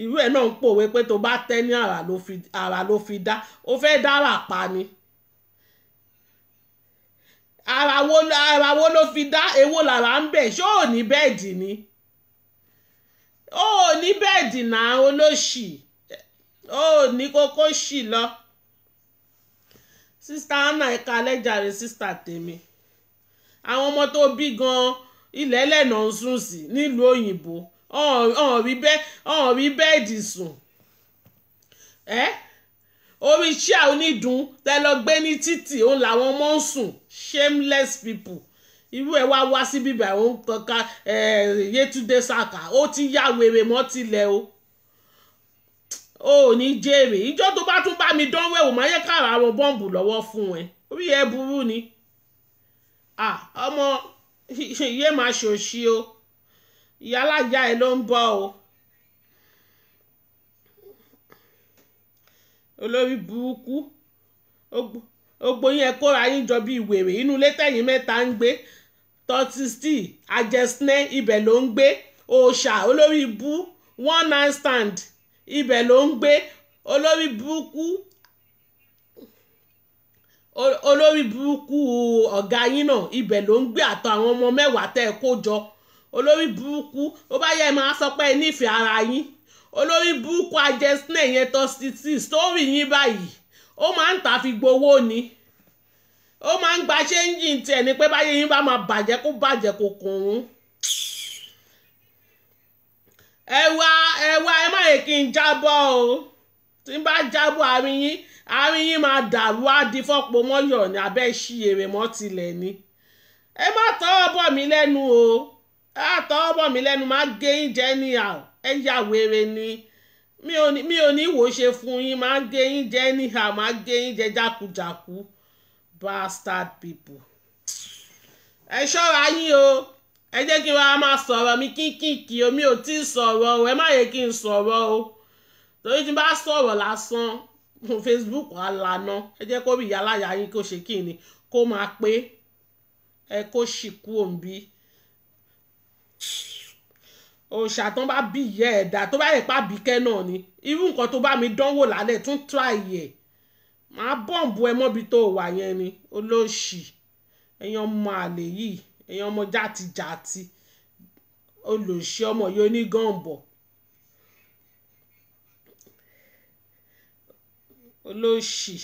irú ẹ̀ náà ń pòwe pé tó bá tẹ́ ní àrà ló fi dá ó fẹ́ dára pa ni ara wo ara ló fi dá èwo làrá ń bẹ̀ ṣé ò ní bẹ́ẹ̀dì ni ó ní bẹ́ẹ̀dì náà olóṣì ó ní kókó ṣì lọ sista anna ẹ̀ka alẹ́jàre sista tèmi àwọn ọmọ tó bí gan-an ilẹ̀ ẹlẹ́nà ń sùn sí nílùú òyìnbó ọ̀hún rí bẹ́ẹ̀dì sùn ẹ́ orí iṣẹ́ onídùn tẹ lọ gbé ní títì òun làwọn ọmọ ń sùn shameless people irú ẹ wá wá sí bíbá òun kankan Yétúndé Sàká ó ti yá wèrè mọ́ tilẹ̀ o o ò ní jèrè ìjọ tó bá tún bá mi dánwò ẹ̀wò máa yẹ káàrà àwọn bọ́ǹbù lọ́wọ́ fún ẹ orí ẹ burú ni ọmọ yé máa ṣòṣì o ìyá alájà ẹ ló ń bọ̀ o olórí burúkú gbogbo yín ẹ kóra yín jọ bíi wèrè inú ilé tẹ̀yìn mẹ́ta ń gbé tọ́tísítì àjẹsínẹ́ ibẹ̀ ló ń gbé òòṣà olórí ibú one night stand ibẹ̀ ló ń gbé olórí burúkú olórí burúkú ọ̀gá yín náà ibẹ̀ ló ń gbé àtọ̀ àwọn ọmọ mẹ́wàá tẹ́ ẹ kó jọ olórí burúkú ó bá yẹ máa sọ pé ẹ nífẹ̀ẹ́ ara yín olórí burúkú ajẹsínẹ̀ yẹn tó ti sórí yín báyìí ó máa ń tà fi gbowó ni ó máa ń gba ṣéńjì tiẹ̀ ni pé báyé yín bá máa bàjẹ́ kó bàjẹ́ kò kùn ún. ẹwà wá ẹ má yẹ kí n o tí n bá jábọ́ àárín yín àárín yín máa dàrú fọ́pọ̀ mọ́yọ̀ ní abẹ́ ni ẹ má tọ́wọ́ bọ̀ o ẹ má ní à ẹ ni mi ò ní wò ṣe fún yín má gé ní à má gé jákujàku ẹ jẹ́ kí n máa sọ̀rọ̀ mi kíkìkì omi ò tí ì sọ̀rọ̀ o ẹ má yẹ kí n sọ̀rọ̀ o torí tí n bá sọ̀rọ̀ lásán Facebook wa lànà ẹ jẹ́ kó bí ìyáláyà yín kó ṣe kí ni kó máa pé ẹ kó sì kú òǹbí òòṣà tán bá bí ìyá ẹ̀dá tó bá yẹ pa bíkẹ́ náà ni irú nǹkan tó bá mi dánwò lálẹ́ tún try ẹ̀ e. màá bọ̀m̀bù ẹ mọ́bi tó wà yẹn ni olóòṣì ẹ̀yàn máa lè yìí èèyàn ọmọ játijàti olùṣe ọmọ yìí onígànbọ̀ olóṣì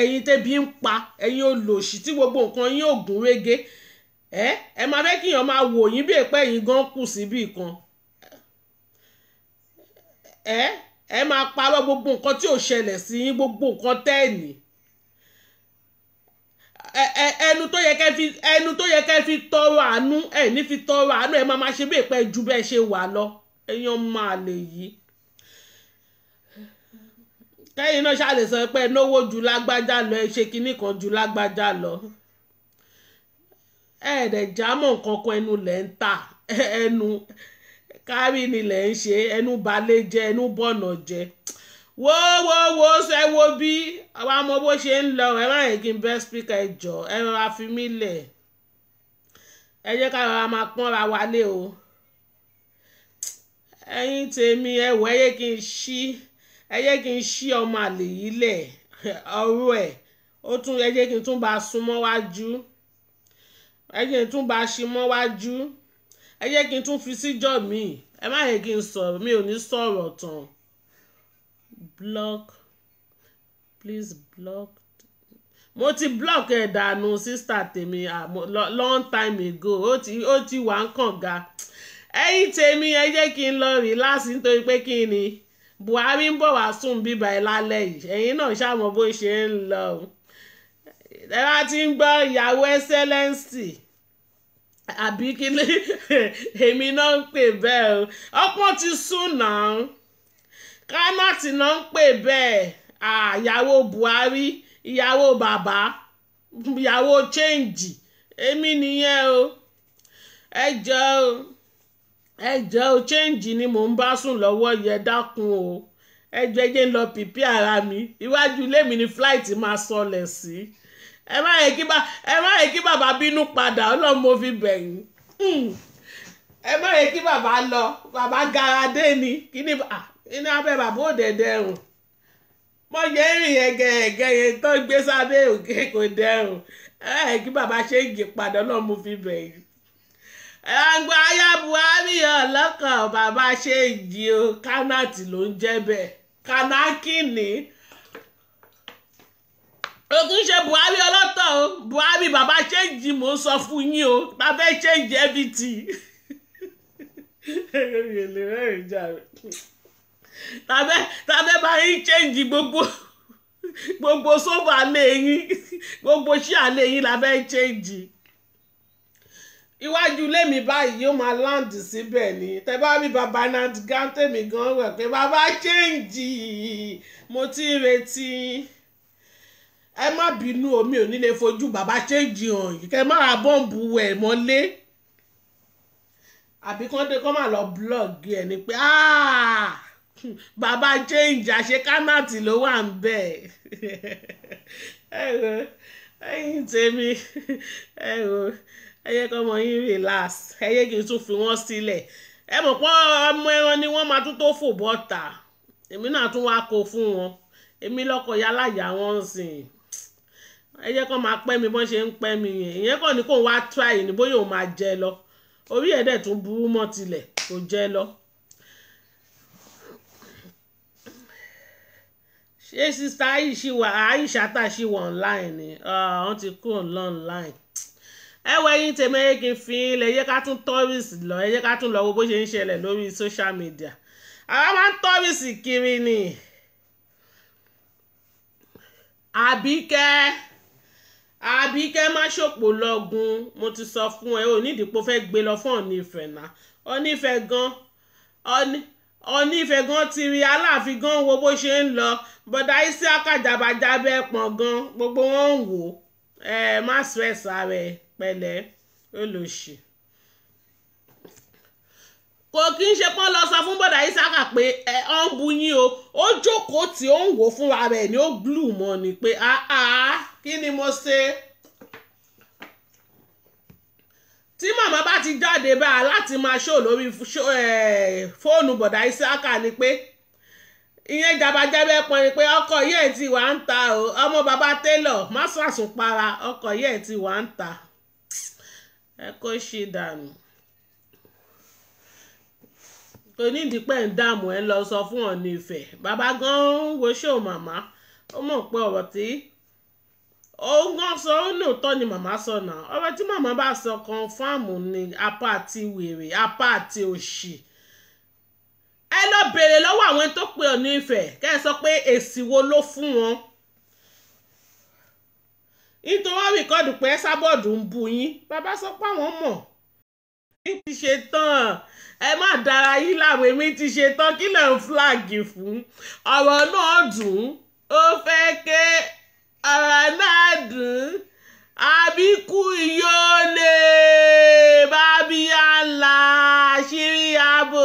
ẹ̀yin tẹ́bi ń pa ẹ̀yin olóṣì tí gbogbo nǹkan yín ò gún régé ẹ ẹ máa fẹ́ kíyàn máa wò yín bí èpẹ́ yín gan kù síbì kan ẹ ẹ máa parọ́ gbogbo nǹkan tí ò ṣẹlẹ̀ sí yín gbogbo nǹkan tẹ́ẹ̀nì ẹnu tó yẹ kẹ́ fi ẹnu tó yẹ kẹ́ fi tọrọ àánú ẹ ní fi tọrọ àánú ẹ máa máa ṣe bí ìpẹ ju bẹ́ẹ̀ ṣe wà lọ èèyàn máa lè yí. kẹ́yìn náà ṣáà lè sọ pé náwó ju lágbájá lọ ẹ ṣe kinní kan ju lágbájá lọ. ẹ ẹ̀dẹ̀ jámọ̀ nǹkan kan ẹnu lẹ̀ ń tà ẹnu kárí ni lẹ̀ ń ṣe ẹnu balẹ̀ jẹ ẹnu bọ̀nà jẹ wo wo wo ṣe wo bí àwa mọ bó ṣe ń lọ ẹ má yẹn kí n bẹ spíkà ẹ jọ ẹ rọra fi mí lẹ̀ ẹ jẹ́ ká rọra máa pọ́nra wálé o ẹ̀yin tèmi ẹwọ ẹ yẹ kí n ṣí ẹ yẹ kí n ṣí ọmọ àlè yìí lẹ̀ ọ̀rọ̀ ẹ ó tún ẹ jẹ́ kí n tún bá sún mọ́ wájú ẹ jẹ́ kí n tún bá ṣe mọ́ wájú ẹ jẹ́ kí n tún fi síjọ́ mi ẹ má yẹ kí n sọ̀rọ̀ mi ò ní sọ̀rọ̀ tán block please block mo ti block ẹ̀ dànù sísítà tèmi long time ago ó ti ó ti wà ń kàn ga ẹ̀yin tèmi ẹ jẹ́ kí n lọ relax nítorí pé kí ni Buhari ń bọ̀ wá sùn bíbá ẹ lálẹ́ yìí ẹ̀yin náà ṣàmọ̀ bó ṣe ń lọ ẹ bá ti ń gbọ́ ìyàwó ẹsẹ́lẹ́ǹsì àbí kí ni èmi náà ń pè bẹ́ẹ̀ ọpọ́n ti sùn náà. Kramot náà ń pè bẹ́ẹ̀ ìyàwó Buhari ìyàwó bàbá ìyàwó chẹ́ǹjì èmi nìyẹn o ẹ jẹ́ o ẹ jẹ́ o chẹ́ǹjì ni mò ń bá sùn lọ́wọ́ yẹn dákun o ẹ jẹ́ jẹ́ ń lọ pìpì ara mi iwájú ilé mi ni flight máa sọlẹ̀ sí ẹ má yẹ kí bá ẹ má yẹ kí bàbá bínú padà ọlọ́run mo fi bẹ̀yìn hmm. ẹ má yẹ kí bàbá lọ bàbá garadé ni kí ni bàbá iná abẹ́ bàbá òde dẹrùn mo yẹ ìrìn ẹ̀gẹ̀ ẹ̀gẹ̀ yẹn tó gbé sábẹ́ òkè kò dẹrùn ẹ̀ kí bàbá ṣe ń yípadà náà mo fi bẹ̀yìn ẹ̀gbọ́n aya Buhari ọlọ́kàn bàbá ṣe ìjì o kánáàtì ló ń jẹ́ bẹ́ẹ̀ kánákìnì òkú ṣe Buhari ọlọ́tọ̀ o Buhari bàbá ṣe ìjì mò ń sọ fún yín o bàbá ṣe ìjì ẹbí tì í tàbẹ́ tàbẹ́ bá yín change gbogbo gbogbo sóbà alẹ́ yín gbogbo sí alẹ́ yín làbẹ́ change iwájú ilé mi báyìí yóò máa land síbẹ̀ ni tẹ bá rí baba nat gan tèmi gan wẹ̀ pé baba change mo ti retí ẹ má bínú omi ò ní lè fojú baba change hàn yìí kẹ má ra bọ́ǹbù wẹ̀ mọ́lé àbí kọ́ńdé kọ́ máa lọ blog ẹ̀ ni pé aah Baba change àṣekánàtì ló wà ń bẹ̀ ẹ wo ẹ̀yin tèmi ẹ wo ẹ yẹ kọ́ ọmọ yín relax ẹ yẹ kí n tún fi wọ́n sílẹ̀ ẹ mọ̀ pé ọmọ ẹran ni wọ́n máa tún tó fò bọ́ta èmi náà tún wáá kó fún wọn èmi lọ́kọ̀ yálàyà wọn sìn ẹ jẹ́ kó máa pẹ́ mi bọ́n ṣe ń pẹ́ mi yẹn ìyẹn kàn ní kó wá try ní bóyá òun máa jẹ lọ orí ẹ̀ dẹ̀ tún burú mọ́ tilẹ̀ kò jẹ lọ. ṣé sista aisha wà aisha tá a ṣì wà online ni ah, wọ́n ti kúrò online ẹ wọ ẹyin tèmi ẹ kì í fi ilẹ̀ yẹ ká tún tọ́rìsì lọ ẹ yẹ ká tún lọ wo bó ṣe ń ṣẹlẹ̀ lórí social media àwa máa ń tọ́rìsì kiri ni àbíkẹ́ àbíkẹ́ má ṣòpò lọ́gùn mo ti sọ fún ẹ ò nídìí pé ó fẹ́ gbé lọ fún ọ̀nífẹ̀ náà ọ̀nífẹ̀ gan-an ọ̀nífẹ̀ onífẹ̀ gan ti rí aláàfin gan wo bó ṣe ń lọ bọ́dà isiaka jàbàjábẹ́ pọ̀n gan gbogbo wọn ń wò ẹ má sọ ẹ̀sà rẹ̀ pẹ̀lẹ́ olóṣì. kò kí n ṣe pọ́n lọ sọ fún bọ́dà isiaka pé ẹ ọ́ ń bu yín o ó jókòó tí ó ń wò fúnra rẹ̀ ni ó glue mọ́ ni pé ah ah kí ni mo ṣe. tí màmá bá ti jáde bá a láti máa ṣó lórí eh, fóònù bọ̀dá Isiaka ni pé ìyẹn jabajabẹ pọnrin pé ọkọ yẹn ti wà ń ta o ọmọ bàbá télọ̀ má sàsùn para ọkọ yẹn ti wà ń ta ẹ kó ṣe dànù onídìpẹ́ ń dààmú ẹ lọ sọ fún Ọọ̀ni Ifẹ̀ bàbá gan-an wo ṣó màmá ó mọ̀ pé ọ̀rọ̀ tí òun gan sọ ó lóòótọ́ ni màmá sọ náà ọ̀rọ̀ tí màmá bá sọ kọ̀ǹfàmù ni apá àti wèrè apá àti òṣì ẹ lọ béèrè lọ́wọ́ àwọn tó pe Ọ̀ọ̀ni Ifẹ̀ kẹ́ ẹ sọ pé èsì wo ló fún wọn nítorí wọ́n rìkọ́dù pé sábọ́ọ̀dù ń bu yín bàbá sọ pé àwọn mọ̀ kí ti ṣe tán ẹ má dára yín láwẹ̀ mi ti ṣe tán kí lẹ̀ fúláàgì fún ọ̀rọ̀ náà dùn ó fẹ́ ké aládùn abiku yóò lè bábí àlà àṣírí ààbò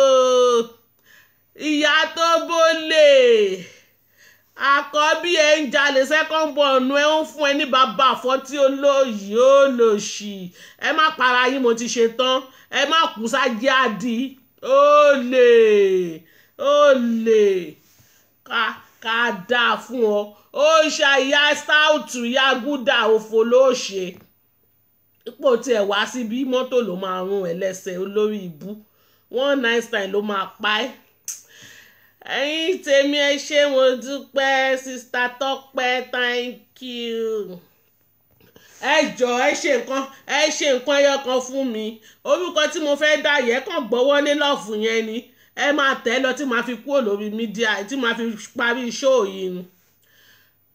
ìyá tó bólè àkọ́bí ẹ̀ ń jalè second born ẹ̀ ń fún ẹ ní bàbá àfọ́tí olóyè olóṣì ẹ má para yín mo ti ṣe tán ẹ má kú sájí àdí olè olè ká ká dáa fún ọ òòṣà ìyá sáùtù ìyá gúdà òfò ló ṣe ipò tiẹ̀ wá síbi mọ́tò ló máa rún ẹ lẹ́sẹ̀ olórí ibú one nine style ló máa pa ẹ́ ẹ̀yin tèmi ẹ ṣé mo dúpẹ́ sista tọ́pẹ́ thank you ẹ jọ ẹ ṣe nǹkan ẹ ṣe nǹkan ẹyọ kan fún mi orúkọ tí mo fẹ́ dá yẹ kàn gbọ́wọ́ ní lọ́ọ̀fù yẹn ni ẹ máa tẹ̀ lọ tí màá fi kúrò lórí mídíà tí màá fi parí ṣóò yìí ni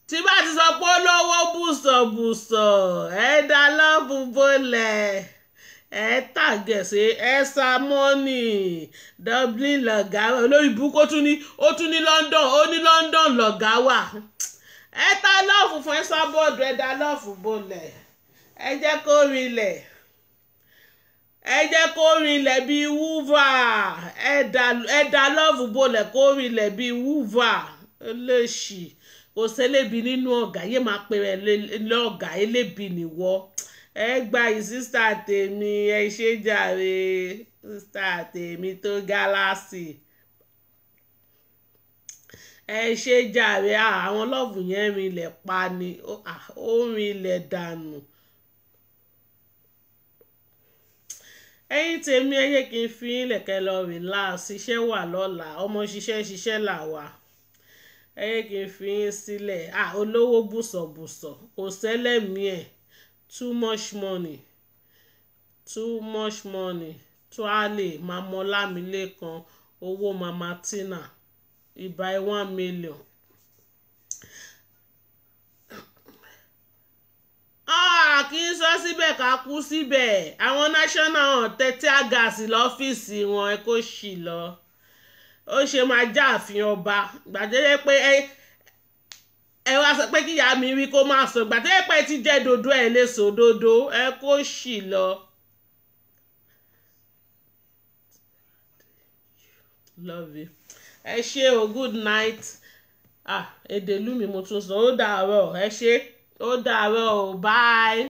tí bá ti sọ pé olówó bùsọ̀bùsọ̀ ẹ dá lọ́ọ̀bù bọ́lẹ̀ ẹ tàgẹ̀sẹ̀ ẹ sàmọ́nì Dublin lọ̀gá olórí burúkú tún ní ó tún ní London ó ní London lọ̀gá wà ẹ ta lọ́ọ̀fù fún ẹ sábọ́ọ̀dù ẹ dá lọ́ọ̀fù bọ́lẹ̀ ẹ jẹ́ kó rinlẹ̀ ẹ jẹ́ kó rinlẹ̀ bíi wúvà ẹ dá lọ́ọ̀fù bọ́lẹ̀ kó rinlẹ̀ bíi wúvà olóṣì òṣèlébi nínú ọ̀gá yé máa pe rẹ̀ lọ́ọ̀gá elébi nìwọ ẹ gba yìí sísá tèmi ẹ ṣe jàre sísá tèmi tó gálásì ẹ ṣe jàre àwọn lọ́ọ̀bù yẹn rinlẹ̀ pa ni ó rinlẹ̀ dànù. ẹ̀yin tèmi ẹ yé kí n fi ilẹ̀kẹ̀ lọ rìláàsì iṣẹ́ wà lọ́la ọmọ ṣiṣẹ́ ṣiṣẹ́ là wà ẹyẹ kì í fi yín sílẹ̀ ah olówó bùsọ̀bùsọ̀ òsẹ́lẹ̀mí ẹ̀ too much money too much money tuale mamolamilekan owó mama tina ìbá one million. ah kì í sọ síbẹ̀ ká kú síbẹ̀ àwọn national tẹ́tí àgàsì lọ́fíìsì wọn ẹ kó ṣì lọ ó ṣe máa já àfihàn ọba gbàdéjẹ́ pé ẹ wá sọ pé kíyà mi wí kó máa sọ gbàdéjẹ́ pé ti jẹ́ dodo ẹ̀ lè sọ dodo ẹ kó ṣì lọ. love you ẹ ṣe o good night ah èdèlú mi mo tún sọ ó dàárọ̀ ẹ ṣe ó dàárọ̀ o bye.